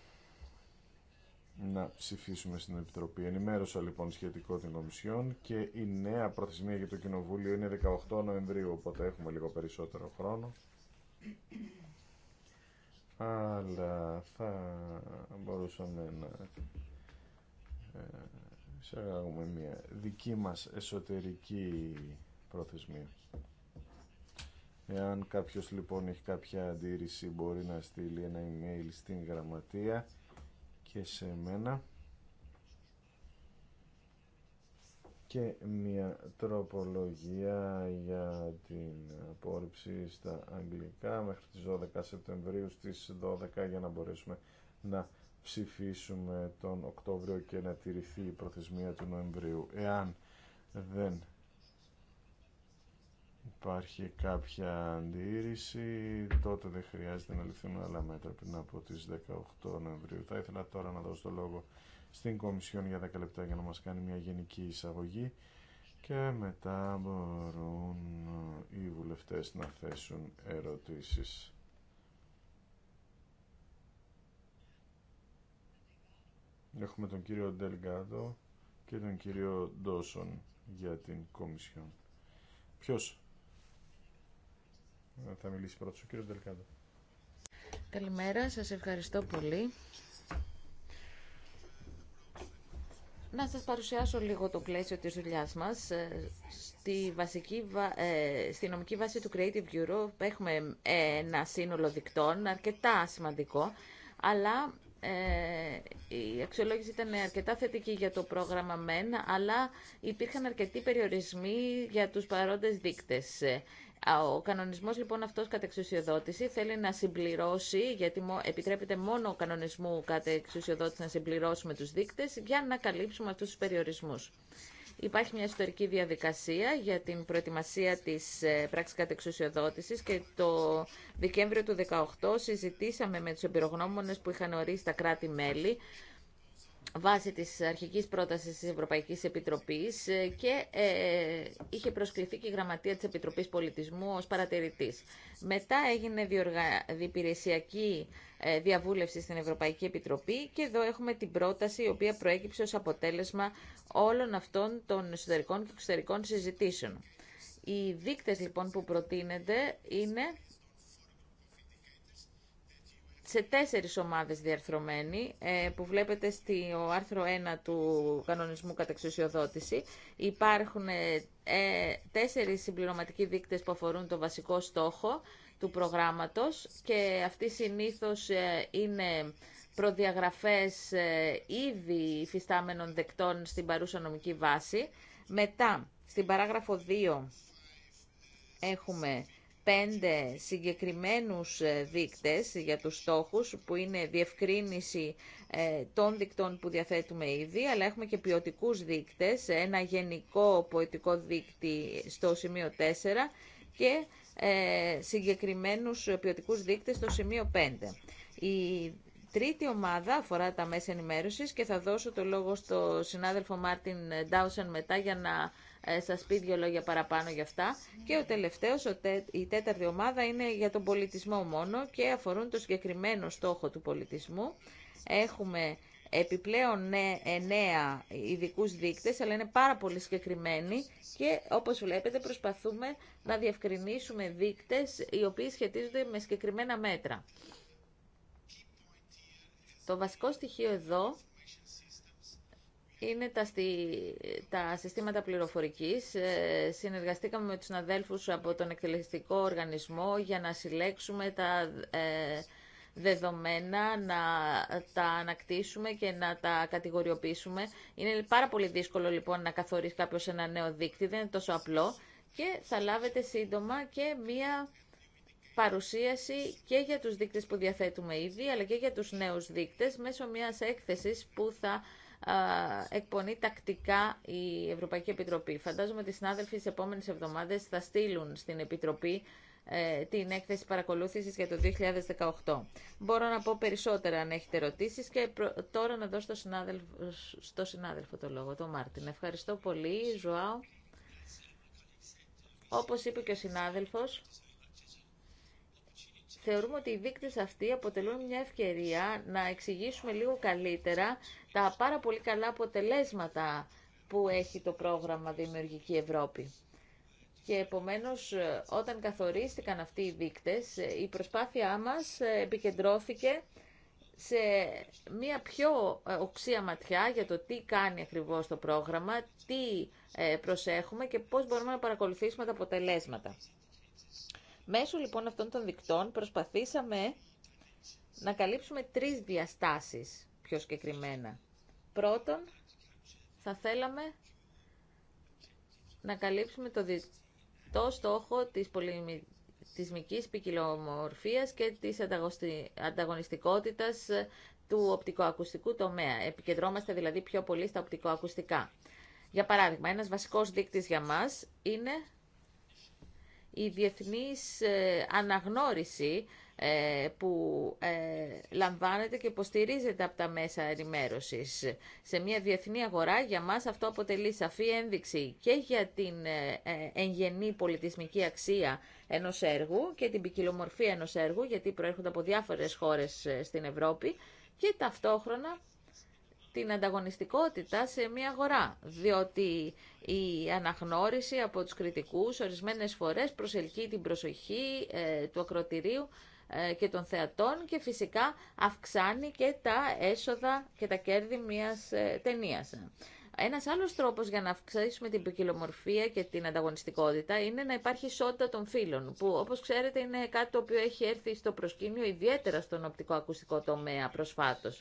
να ψηφίσουμε στην Επιτροπή. Ενημέρωσα λοιπόν σχετικό την Κομισιόν και η νέα προθεσμία για το Κοινοβούλιο είναι 18 Νοεμβρίου, οπότε έχουμε λίγο περισσότερο χρόνο αλλά θα μπορούσαμε να ε, εισαγάγουμε μια δική μας εσωτερική προθεσμία. Εάν κάποιος λοιπόν έχει κάποια αντίρρηση μπορεί να στείλει ένα email στην γραμματεία και σε μένα. και μια τροπολογία για την απόρριψη στα αγγλικά μέχρι τις 12 Σεπτεμβρίου στις 12 για να μπορέσουμε να ψηφίσουμε τον Οκτώβριο και να τηρηθεί η προθεσμία του Νοεμβρίου. Εάν δεν υπάρχει κάποια αντίρρηση, τότε δεν χρειάζεται να ληφθούν άλλα μέτρα πριν από τις 18 Νοεμβρίου. Θα ήθελα τώρα να δώσω το λόγο στην Κομισιόν για 10 λεπτά για να μας κάνει μια γενική εισαγωγή και μετά μπορούν οι βουλευτές να θέσουν ερωτήσεις. Έχουμε τον κύριο Ντελγκάδο και τον κύριο Ντόσον για την Κομισιόν. Ποιος θα μιλήσει πρώτος, ο κύριος Ντελγκάδο. Καλημέρα, σας ευχαριστώ πολύ. Να σας παρουσιάσω λίγο το πλαίσιο της δουλειάς μας. Ε, στη, βασική, ε, στη νομική βάση του Creative Bureau έχουμε ε, ένα σύνολο δικτών, αρκετά σημαντικό, αλλά η αξιολόγηση ήταν αρκετά θετική για το πρόγραμμα ΜΕΝ, αλλά υπήρχαν αρκετοί περιορισμοί για τους παρόντες δείκτες. Ο κανονισμός λοιπόν αυτό κατά εξουσιοδότηση θέλει να συμπληρώσει, γιατί επιτρέπεται μόνο ο κανονισμού κατά εξουσιοδότηση να συμπληρώσουμε τους δείκτε για να καλύψουμε αυτού τους περιορισμού. Υπάρχει μια ιστορική διαδικασία για την προετοιμασία της ε, πράξης κατεξουσιοδότησης και το Δεκέμβριο του 2018 συζητήσαμε με του εμπειρογνώμονε που είχαν ορίσει τα κράτη-μέλη βάσει της αρχικής πρότασης της Ευρωπαϊκής Επιτροπής ε, και ε, είχε προσκληθεί και η Γραμματεία της Επιτροπής Πολιτισμού ως παρατηρητής. Μετά έγινε διοργα... διπηρεσιακή ε, διαβούλευση στην Ευρωπαϊκή Επιτροπή και εδώ έχουμε την πρόταση η οποία προέκυψε ως αποτέλεσμα όλων αυτών των εσωτερικών και εξωτερικών συζητήσεων. Οι δείκτες λοιπόν που προτείνεται είναι σε τέσσερις ομάδες διαρθρωμένη ε, που βλέπετε στο άρθρο 1 του κανονισμού κατά εξουσιοδότηση. Υπάρχουν ε, ε, τέσσερις συμπληρωματικοί δείκτες που αφορούν το βασικό στόχο του προγράμματος και αυτοί συνήθως είναι προδιαγραφές ήδη υφιστάμενων δεκτών στην παρούσα νομική βάση. Μετά, στην παράγραφο 2 έχουμε πέντε συγκεκριμένους ε, δείκτες για τους στόχους, που είναι διευκρίνηση ε, των δικτών που διαθέτουμε ήδη, αλλά έχουμε και ποιοτικού δείκτες, ένα γενικό ποιοτικό δείκτη στο σημείο 4 και ε, συγκεκριμένους ποιοτικούς δείκτες στο σημείο 5. Η τρίτη ομάδα αφορά τα μέσα ενημέρωσης και θα δώσω το λόγο στο συνάδελφο Μάρτιν Ντάουσεν μετά για να ε, σας πει δύο λόγια παραπάνω για αυτά. Και ο τελευταίος, η τέταρτη ομάδα είναι για τον πολιτισμό μόνο και αφορούν το συγκεκριμένο στόχο του πολιτισμού. Έχουμε επιπλέον εννέα ειδικού δείκτες, αλλά είναι πάρα πολύ συγκεκριμένοι και όπως βλέπετε προσπαθούμε να διευκρινίσουμε δείκτες οι οποίοι σχετίζονται με συγκεκριμένα μέτρα. Το βασικό στοιχείο εδώ είναι τα, τα συστήματα πληροφορικής. Ε, συνεργαστήκαμε με τους αδέλφους από τον εκτελεστικό οργανισμό για να συλλέξουμε τα ε, δεδομένα, να τα ανακτήσουμε και να τα κατηγοριοποιήσουμε. Είναι πάρα πολύ δύσκολο λοιπόν να καθορίσει κάποιος ένα νέο δίκτυο, δεν είναι τόσο απλό. Και θα λάβετε σύντομα και μία παρουσίαση και για τους δείκτες που διαθέτουμε ήδη, αλλά και για τους νέους δείκτες μέσω μιας έκθεσης που θα εκπονεί τακτικά η Ευρωπαϊκή Επιτροπή. Φαντάζομαι ότι οι συνάδελφοι στις επόμενες εβδομάδες θα στείλουν στην Επιτροπή ε, την έκθεση παρακολούθησης για το 2018. Μπορώ να πω περισσότερα αν έχετε ερωτήσεις και τώρα να δώσω στο συνάδελφο, το λόγο, τον Μάρτιν. Ευχαριστώ πολύ, Ζωάου. Όπως είπε και ο συνάδελφος, θεωρούμε ότι οι δείκτες αυτοί αποτελούν μια ευκαιρία να εξηγήσουμε λίγο καλύτερα τα πάρα πολύ καλά αποτελέσματα που έχει το πρόγραμμα Δημιουργική Ευρώπη. Και επομένως όταν καθορίστηκαν αυτοί οι δείκτες, η προσπάθειά μας επικεντρώθηκε σε μια πιο ε, οξία ματιά για το τι κάνει ακριβώς το πρόγραμμα, τι ε, προσέχουμε και πώς μπορούμε να παρακολουθήσουμε τα αποτελέσματα. Μέσω λοιπόν αυτών των δικτών προσπαθήσαμε να καλύψουμε τρεις διαστάσεις πιο συγκεκριμένα. Πρώτον, θα θέλαμε να καλύψουμε το το στόχο της πολιτισμικής ποικιλομορφίας και της ανταγωνιστικότητας του οπτικοακουστικού τομέα. Επικεντρώμαστε δηλαδή πιο πολύ στα οπτικοακουστικά. Για παράδειγμα, ένας βασικός δείκτης για μας είναι η διεθνής ε, αναγνώριση ε, που ε, λαμβάνεται και υποστηρίζεται από τα μέσα ενημέρωσης. Σε μια διεθνή αγορά για μας αυτό αποτελεί σαφή ένδειξη και για την εγγενή πολιτισμική αξία ενός έργου και την ποικιλομορφία ενός έργου, γιατί προέρχονται από διάφορες χώρες στην Ευρώπη και ταυτόχρονα την ανταγωνιστικότητα σε μια αγορά, διότι η αναγνώριση από τους κριτικούς ορισμένες φορές προσελκύει την προσοχή ε, του ακροτηρίου ε, και των θεατών και φυσικά αυξάνει και τα έσοδα και τα κέρδη μιας ε, ταινίας. Ένας άλλος τρόπος για να αυξήσουμε την ποικιλομορφία και την ανταγωνιστικότητα είναι να υπάρχει ισότητα των φύλων, που όπως ξέρετε είναι κάτι το οποίο έχει έρθει στο προσκήνιο ιδιαίτερα στον οπτικοακουστικό τομέα προσφάτως.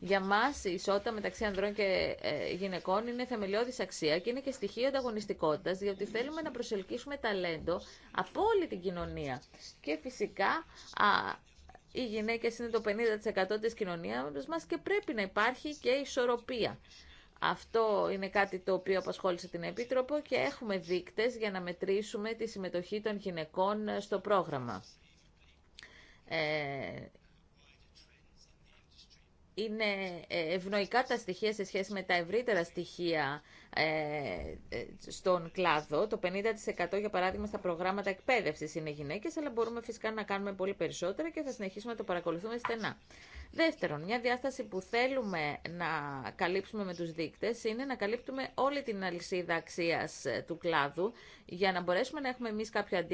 Για μα η ισότητα μεταξύ ανδρών και ε, γυναικών είναι θεμελιώδη αξία και είναι και στοιχείο ανταγωνιστικότητα, διότι θέλουμε να προσελκύσουμε ταλέντο από όλη την κοινωνία. Και φυσικά οι γυναίκε είναι το 50% τη κοινωνία μα και πρέπει να υπάρχει και ισορροπία. Αυτό είναι κάτι το οποίο απασχόλησε την Επίτροπο και έχουμε δείκτες για να μετρήσουμε τη συμμετοχή των γυναικών στο πρόγραμμα. Ε, είναι ε, ευνοϊκά τα στοιχεία σε σχέση με τα ευρύτερα στοιχεία ε, ε, στον κλάδο. Το 50% για παράδειγμα στα προγράμματα εκπαίδευσης είναι γυναίκες, αλλά μπορούμε φυσικά να κάνουμε πολύ περισσότερα και θα συνεχίσουμε να το παρακολουθούμε στενά. Δεύτερον, μια διάσταση που θέλουμε να καλύψουμε με τους δείκτες είναι να καλύπτουμε όλη την αλυσίδα αξίας του κλάδου. Για να μπορέσουμε να έχουμε εμείς κάποιο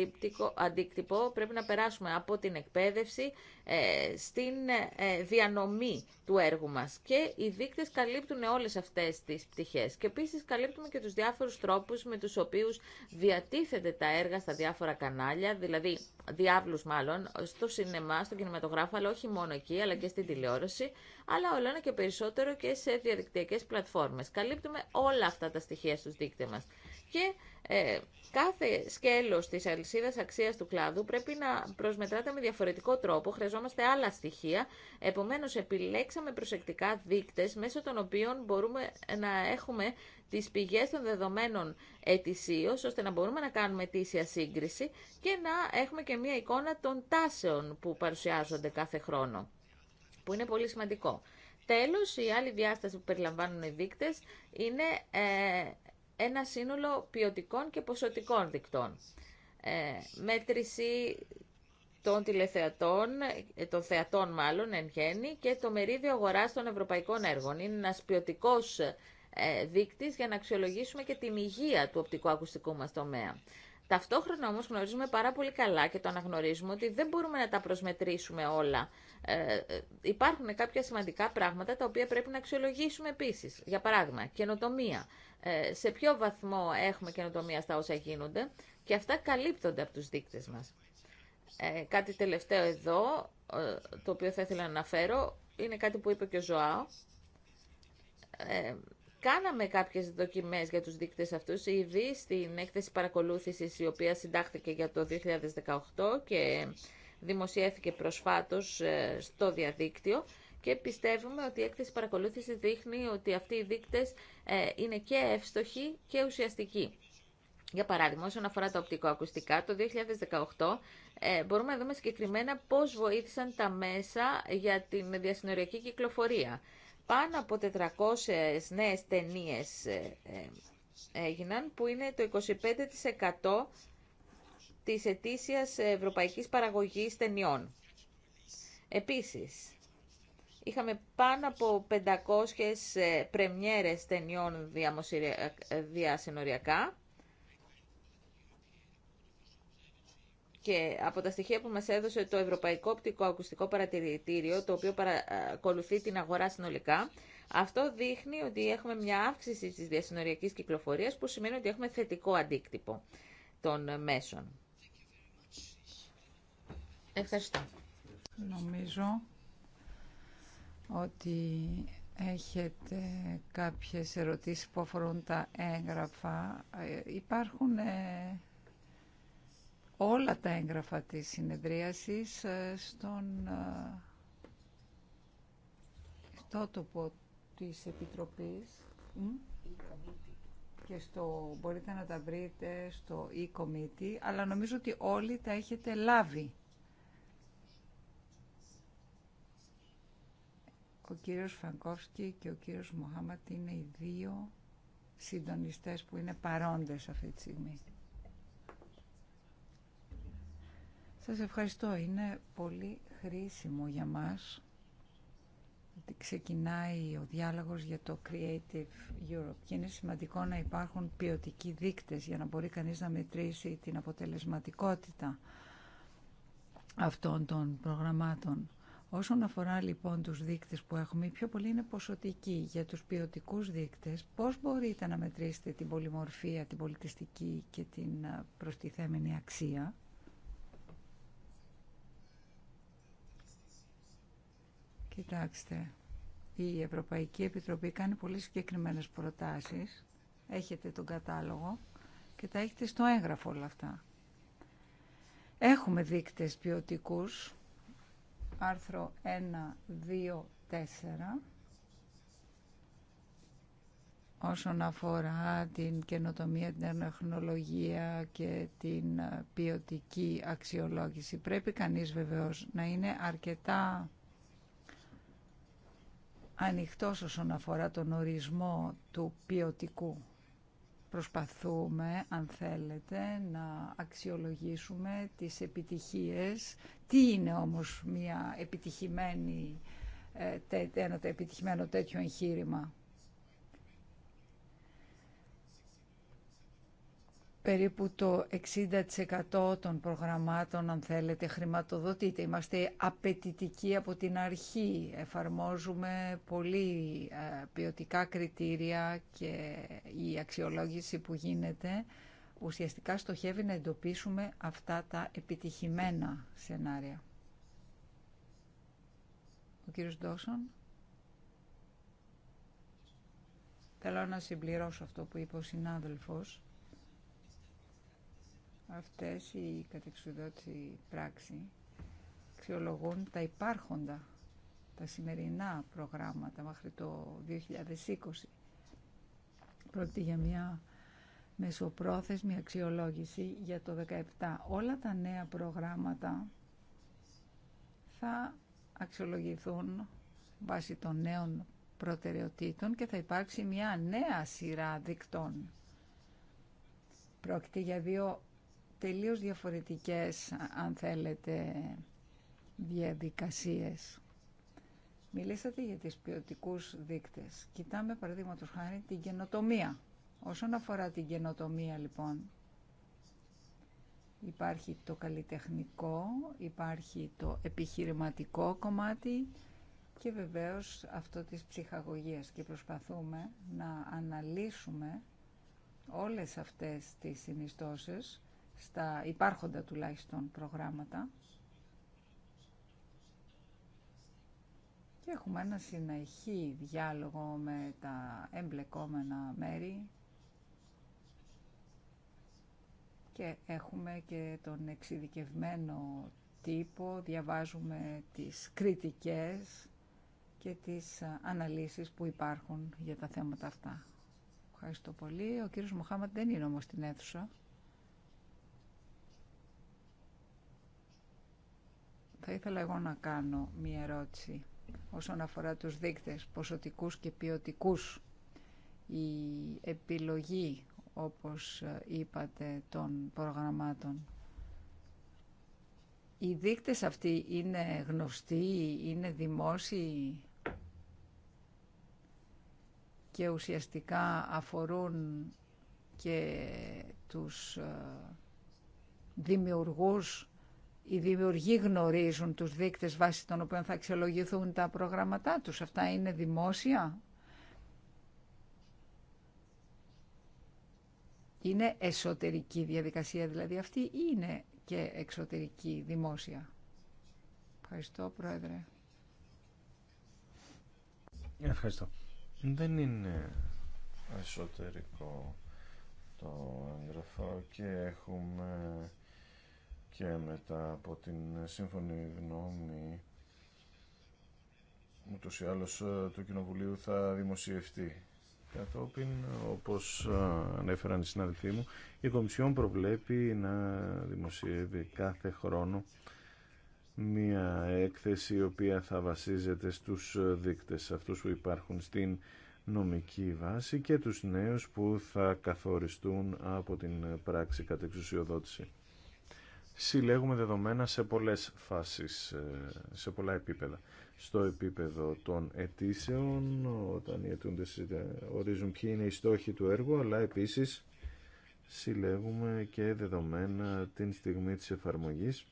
αντίκτυπο πρέπει να περάσουμε από την εκπαίδευση ε, στην ε, διανομή του έργου μας. Και οι δείκτες καλύπτουν όλες αυτές τις πτυχές. Και επίσης καλύπτουμε και τους διάφορους τρόπους με τους οποίους διατίθεται τα έργα στα διάφορα κανάλια, δηλαδή διάβλους μάλλον, στο σινεμά, στο κινηματογράφο, αλλά όχι μόνο εκεί, αλλά και στην τηλεόραση, αλλά όλο και περισσότερο και σε διαδικτυακές πλατφόρμες. Καλύπτουμε όλα αυτά τα στοιχεία στους δείκτες μας και ε, κάθε σκέλος της αλυσίδας αξίας του κλάδου πρέπει να προσμετράται με διαφορετικό τρόπο, χρειαζόμαστε άλλα στοιχεία, επομένως επιλέξαμε προσεκτικά δείκτες μέσω των οποίων μπορούμε να έχουμε τις πηγές των δεδομένων ετησίως, ώστε να μπορούμε να κάνουμε ετήσια σύγκριση και να έχουμε και μία εικόνα των τάσεων που παρουσιάζονται κάθε χρόνο, που είναι πολύ σημαντικό. Τέλος, η άλλη διάσταση που περιλαμβάνουν οι δείκτες είναι ε, ένα σύνολο ποιοτικών και ποσοτικών δικτών. Ε, μέτρηση των τηλεθεατών, ε, των θεατών μάλλον εν γέννη και το μερίδιο αγοράς των ευρωπαϊκών έργων. Είναι ένας ποιοτικό ε, δείκτης για να αξιολογήσουμε και την υγεία του οπτικού ακουστικού μας τομέα. Ταυτόχρονα όμως γνωρίζουμε πάρα πολύ καλά και το αναγνωρίζουμε ότι δεν μπορούμε να τα προσμετρήσουμε όλα. Ε, ε υπάρχουν κάποια σημαντικά πράγματα τα οποία πρέπει να αξιολογήσουμε επίσης. Για παράδειγμα, καινοτομία. Ε, σε ποιο βαθμό έχουμε καινοτομία στα όσα γίνονται και αυτά καλύπτονται από τους δείκτες μας. Ε, κάτι τελευταίο εδώ, ε, το οποίο θα ήθελα να αναφέρω, είναι κάτι που είπε και ο Ζωάο. Ε, κάναμε κάποιες δοκιμές για τους δείκτες αυτούς ήδη στην έκθεση παρακολούθησης η οποία συντάχθηκε για το 2018 και δημοσιεύθηκε προσφάτως στο διαδίκτυο και πιστεύουμε ότι η έκθεση παρακολούθηση δείχνει ότι αυτοί οι δείκτες ε, είναι και εύστοχοι και ουσιαστικοί. Για παράδειγμα, όσον αφορά τα οπτικοακουστικά, το 2018 ε, μπορούμε να δούμε συγκεκριμένα πώς βοήθησαν τα μέσα για την διασυνοριακή κυκλοφορία. Πάνω από 400 νέες ταινίε ε, ε, έγιναν, που είναι το 25% της ετήσιας ευρωπαϊκής παραγωγής ταινιών. Επίσης, Είχαμε πάνω από 500 ε, πρεμιέρες ταινιών ε, διασυνοριακά. Και από τα στοιχεία που μας έδωσε το Ευρωπαϊκό Οπτικό Ακουστικό Παρατηρητήριο, το οποίο παρακολουθεί την αγορά συνολικά, αυτό δείχνει ότι έχουμε μια αύξηση της διασυνοριακής κυκλοφορίας, που σημαίνει ότι έχουμε θετικό αντίκτυπο των μέσων. Ευχαριστώ. Νομίζω ότι έχετε κάποιες ερωτήσεις που αφορούν τα έγγραφα. Ε, υπάρχουν ε, όλα τα έγγραφα της συνεδρίασης ε, στον τόπο της Επιτροπής και στο, μπορείτε να τα βρείτε στο e-committee, αλλά νομίζω ότι όλοι τα έχετε λάβει. Ο κύριος Φραγκόφσκι και ο κύριος Μοχάματ είναι οι δύο συντονιστές που είναι παρόντες αυτή τη στιγμή. Σας ευχαριστώ. Είναι πολύ χρήσιμο για μας ότι ξεκινάει ο διάλογος για το Creative Europe και είναι σημαντικό να υπάρχουν ποιοτικοί δείκτες για να μπορεί κανείς να μετρήσει την αποτελεσματικότητα αυτών των προγραμμάτων. Όσον αφορά λοιπόν τους δείκτες που έχουμε, οι πιο πολύ είναι ποσοτικοί. Για τους ποιοτικούς δείκτες, πώς μπορείτε να μετρήσετε την πολυμορφία, την πολιτιστική και την προστιθέμενη αξία. Κοιτάξτε, η Ευρωπαϊκή Επιτροπή κάνει πολύ συγκεκριμένες προτάσεις. Έχετε τον κατάλογο και τα έχετε στο έγγραφο όλα αυτά. Έχουμε δείκτες ποιοτικούς, άρθρο 1, 2, 4 όσον αφορά την καινοτομία, την τεχνολογία και την ποιοτική αξιολόγηση. Πρέπει κανείς βεβαίως να είναι αρκετά ανοιχτός όσον αφορά τον ορισμό του ποιοτικού. Προσπαθούμε, αν θέλετε, να αξιολογήσουμε τις επιτυχίες. Τι είναι όμως μια επιτυχημένη, ε, ένα επιτυχημένο τέτοιο εγχείρημα. περίπου το 60% των προγραμμάτων, αν θέλετε, χρηματοδοτείται. Είμαστε απαιτητικοί από την αρχή. Εφαρμόζουμε πολύ ε, ποιοτικά κριτήρια και η αξιολόγηση που γίνεται ουσιαστικά στοχεύει να εντοπίσουμε αυτά τα επιτυχημένα σενάρια. Ο κύριος Ντόσον. Θέλω να συμπληρώσω αυτό που είπε ο συνάδελφος αυτές οι κατεξουδότητες πράξη αξιολογούν τα υπάρχοντα, τα σημερινά προγράμματα μέχρι το 2020. Πρόκειται για μια μεσοπρόθεσμη αξιολόγηση για το 2017. Όλα τα νέα προγράμματα θα αξιολογηθούν βάσει των νέων προτεραιοτήτων και θα υπάρξει μια νέα σειρά δικτών. Πρόκειται για δύο τελείως διαφορετικές, αν θέλετε, διαδικασίες. Μιλήσατε για τις ποιοτικού δείκτες. Κοιτάμε, παραδείγματο χάρη, την καινοτομία. Όσον αφορά την καινοτομία, λοιπόν, υπάρχει το καλλιτεχνικό, υπάρχει το επιχειρηματικό κομμάτι και βεβαίως αυτό της ψυχαγωγίας. Και προσπαθούμε να αναλύσουμε όλες αυτές τις συνιστώσεις στα υπάρχοντα τουλάχιστον προγράμματα. Και έχουμε ένα συνεχή διάλογο με τα εμπλεκόμενα μέρη και έχουμε και τον εξειδικευμένο τύπο, διαβάζουμε τις κριτικές και τις αναλύσεις που υπάρχουν για τα θέματα αυτά. Ευχαριστώ πολύ. Ο κύριος Μοχάμαντ δεν είναι όμως στην αίθουσα. Θα ήθελα εγώ να κάνω μία ερώτηση όσον αφορά τους δείκτες ποσοτικούς και ποιοτικούς. Η επιλογή, όπως ε, είπατε, των προγραμμάτων. Οι δείκτες αυτοί είναι γνωστοί, είναι δημόσιοι και ουσιαστικά αφορούν και τους ε, δημιουργούς οι δημιουργοί γνωρίζουν τους δείκτες βάσει των οποίων θα αξιολογηθούν τα προγράμματά τους. Αυτά είναι δημόσια. Είναι εσωτερική διαδικασία δηλαδή αυτή ή είναι και εξωτερική δημόσια. Ευχαριστώ Πρόεδρε. Ευχαριστώ. Δεν είναι εσωτερικό το έγγραφο και έχουμε και μετά από την σύμφωνη γνώμη ούτως ή άλλως ε, του Κοινοβουλίου θα δημοσιευτεί. Κατόπιν, όπως ε, ανέφεραν οι συναδελφοί μου, η Κομισιόν προβλέπει να δημοσιεύει κάθε χρόνο μία έκθεση η οποία θα βασίζεται στους δείκτες αυτούς που υπάρχουν στην νομική βάση και τους νέους που θα καθοριστούν από την πράξη κατεξουσιοδότηση συλλέγουμε δεδομένα σε πολλές φάσεις, ε, σε πολλά επίπεδα. Στο επίπεδο των αιτήσεων, όταν οι αιτούντες ορίζουν ποιοι είναι οι στόχοι του έργου, αλλά επίσης συλλέγουμε και δεδομένα την στιγμή της εφαρμογής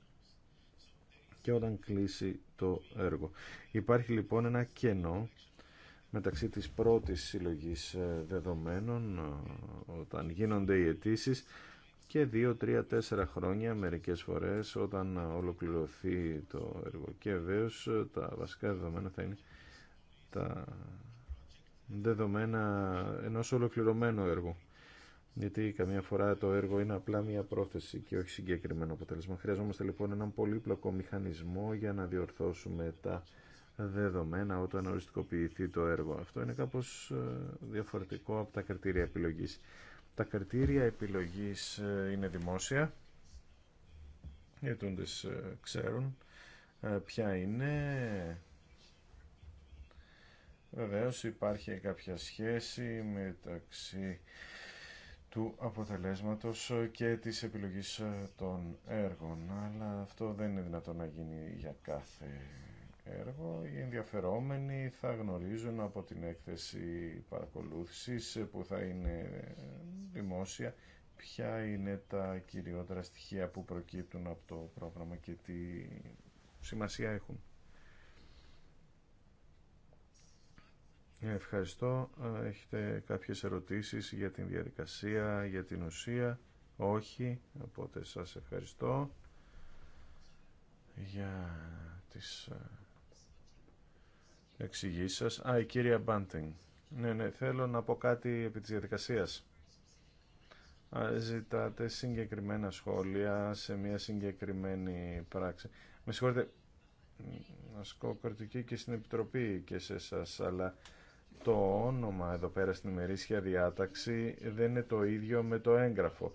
και όταν κλείσει το έργο. Υπάρχει λοιπόν ένα κενό μεταξύ της πρώτης συλλογής ε, δεδομένων ε, όταν γίνονται οι αιτήσει και 2-3-4 χρόνια μερικές φορές όταν ολοκληρωθεί το έργο και βεβαίω τα βασικά δεδομένα θα είναι τα δεδομένα ενός ολοκληρωμένου έργου γιατί καμιά φορά το έργο είναι απλά μια πρόθεση και όχι συγκεκριμένο αποτέλεσμα. Χρειαζόμαστε λοιπόν έναν πολύπλοκο μηχανισμό για να διορθώσουμε τα δεδομένα όταν οριστικοποιηθεί το έργο. Αυτό είναι κάπως ε, διαφορετικό από τα κριτήρια επιλογής. Τα κριτήρια επιλογής ε, είναι δημόσια. Οι ετούντες ε, ξέρουν ε, ποια είναι. Βεβαίως υπάρχει κάποια σχέση μεταξύ του αποτελέσματος και της επιλογής των έργων, αλλά αυτό δεν είναι δυνατόν να γίνει για κάθε έργο, οι ενδιαφερόμενοι θα γνωρίζουν από την έκθεση παρακολούθησης που θα είναι δημόσια ποια είναι τα κυριότερα στοιχεία που προκύπτουν από το πρόγραμμα και τι σημασία έχουν. Ευχαριστώ. Έχετε κάποιες ερωτήσεις για την διαδικασία, για την ουσία. Όχι, οπότε σας ευχαριστώ για τις ε, εξηγήσει σα. Α, η κυρία Μπάντινγκ. Ναι, ναι, θέλω να πω κάτι επί τη διαδικασία. Ζητάτε συγκεκριμένα σχόλια σε μια συγκεκριμένη πράξη. Με συγχωρείτε, ασκώ κριτική και στην Επιτροπή και σε εσά, αλλά το όνομα εδώ πέρα στην ημερήσια διάταξη δεν είναι το ίδιο με το έγγραφο.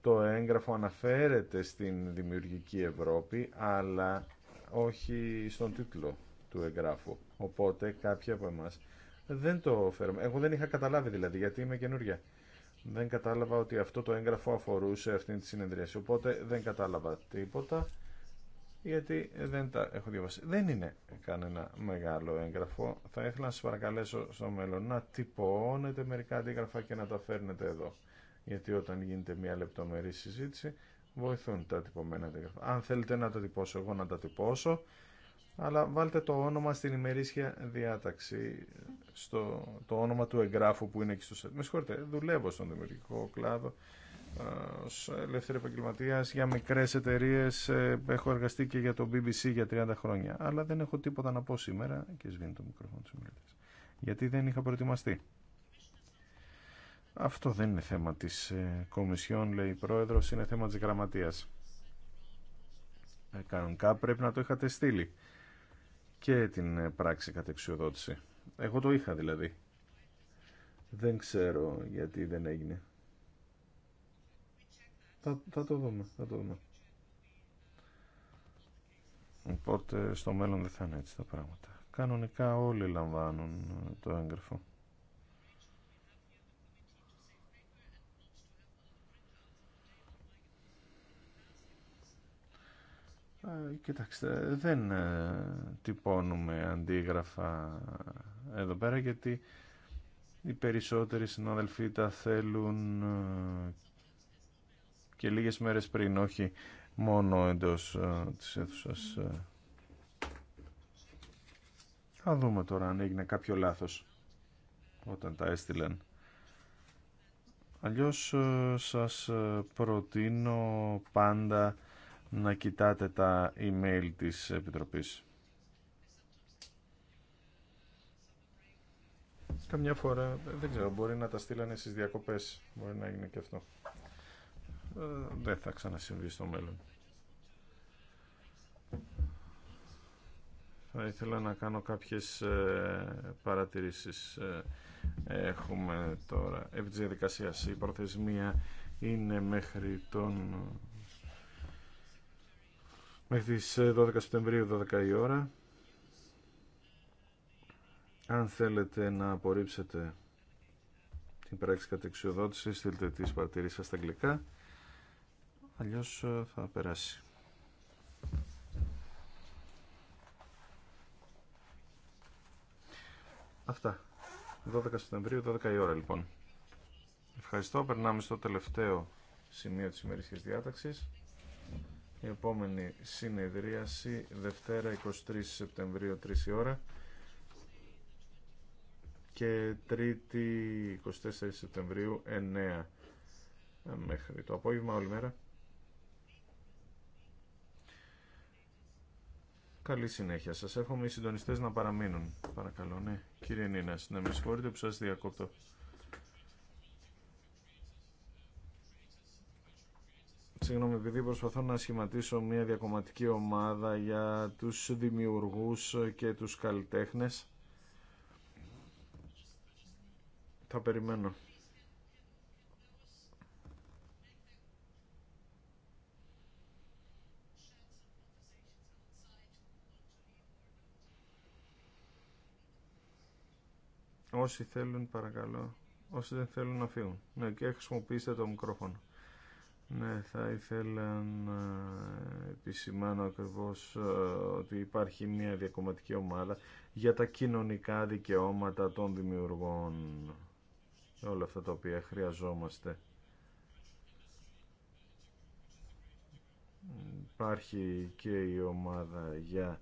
Το έγγραφο αναφέρεται στην Δημιουργική Ευρώπη, αλλά όχι στον τίτλο του εγγράφου. Οπότε κάποιοι από εμά δεν το φέρουμε. Εγώ δεν είχα καταλάβει δηλαδή γιατί είμαι καινούρια. Δεν κατάλαβα ότι αυτό το έγγραφο αφορούσε αυτήν τη συνεδρίαση. Οπότε δεν κατάλαβα τίποτα γιατί δεν τα έχω διαβάσει. Δεν είναι κανένα μεγάλο έγγραφο. Θα ήθελα να σα παρακαλέσω στο μέλλον να τυπώνετε μερικά αντίγραφα και να τα φέρνετε εδώ. Γιατί όταν γίνεται μια λεπτομερή συζήτηση βοηθούν τα τυπωμένα αντίγραφα. Αν θέλετε να τα τυπώσω εγώ να τα τυπώσω αλλά βάλτε το όνομα στην ημερήσια διάταξη, στο, το όνομα του εγγράφου που είναι εκεί στο σετ. Με συγχωρείτε, δουλεύω στον δημιουργικό κλάδο ε, ως ελεύθερη επαγγελματία για μικρές εταιρείε. Ε, έχω εργαστεί και για το BBC για 30 χρόνια. Αλλά δεν έχω τίποτα να πω σήμερα και σβήνει το μικρόφωνο του Γιατί δεν είχα προετοιμαστεί. Αυτό δεν είναι θέμα της ε, Κομισιόν, λέει η Πρόεδρος, είναι θέμα της Γραμματείας. Κανονικά πρέπει να το είχατε στείλει και την ε, πράξη κατεξιοδότηση. Εγώ το είχα δηλαδή. Δεν ξέρω γιατί δεν έγινε. Θα, το δούμε, θα το δούμε. Οπότε στο μέλλον δεν θα είναι έτσι τα πράγματα. Κανονικά όλοι λαμβάνουν ε, το έγγραφο. Ε, κοιτάξτε, δεν ε, τυπώνουμε αντίγραφα εδώ πέρα γιατί οι περισσότεροι συνάδελφοί τα θέλουν ε, και λίγες μέρες πριν, όχι μόνο εντός της αίθουσας. Θα δούμε τώρα αν έγινε κάποιο λάθος όταν τα έστειλαν. Αλλιώς σας προτείνω πάντα να κοιτάτε τα email της Επιτροπής. Καμιά φορά, δεν ξέρω, μπορεί να τα στείλανε στις διακοπές. Μπορεί να έγινε και αυτό. Ε, δεν θα ξανασυμβεί στο μέλλον. Θα ήθελα να κάνω κάποιες ε, παρατηρήσεις. Ε, έχουμε τώρα επί Η προθεσμία είναι μέχρι τον μέχρι τις 12 ε, Σεπτεμβρίου 12 η ώρα. Αν θέλετε να απορρίψετε την πράξη κατεξιοδότηση, στείλτε τις παρατηρήσεις σας στα αγγλικά, αλλιώς ε, θα περάσει. Αυτά. 12 Σεπτεμβρίου, 12 η ώρα λοιπόν. Ευχαριστώ. Περνάμε στο τελευταίο σημείο της ημερησίας διάταξης. Η επόμενη συνεδρίαση Δευτέρα 23 Σεπτεμβρίου 3 η ώρα και Τρίτη 24 Σεπτεμβρίου 9 μέχρι το απόγευμα όλη μέρα. Καλή συνέχεια. Σας εύχομαι οι συντονιστές να παραμείνουν. Παρακαλώ, ναι. Κύριε Νίνας, να με συγχωρείτε που σας διακόπτω. συγγνώμη, επειδή προσπαθώ να σχηματίσω μια διακομματική ομάδα για τους δημιουργούς και τους καλλιτέχνες. Θα περιμένω. Όσοι θέλουν, παρακαλώ. Όσοι δεν θέλουν να φύγουν. Ναι, και χρησιμοποιήστε το μικρόφωνο. Ναι, θα ήθελα να επισημάνω ακριβώς ε, ότι υπάρχει μια διακομματική ομάδα για τα κοινωνικά δικαιώματα των δημιουργών. Όλα αυτά τα οποία χρειαζόμαστε. Υπάρχει και η ομάδα για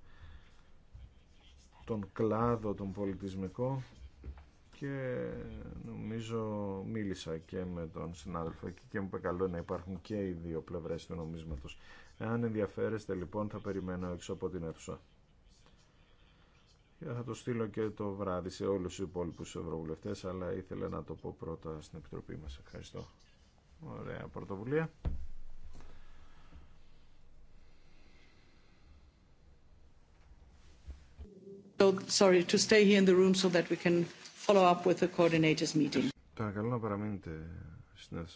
τον κλάδο τον πολιτισμικό και νομίζω μίλησα και με τον συνάδελφο εκεί και μου είπε καλό να υπάρχουν και οι δύο πλευρές του νομίσματος. αν ενδιαφέρεστε λοιπόν θα περιμένω έξω από την αίθουσα. Και θα το στείλω και το βράδυ σε όλους τους υπόλοιπους ευρωβουλευτές, αλλά ήθελα να το πω πρώτα στην Επιτροπή μας. Ευχαριστώ. Ωραία πρωτοβουλία. sorry to stay here in the room so that we can follow up with the coordinators meeting. Παρακαλώ να παραμείνετε στην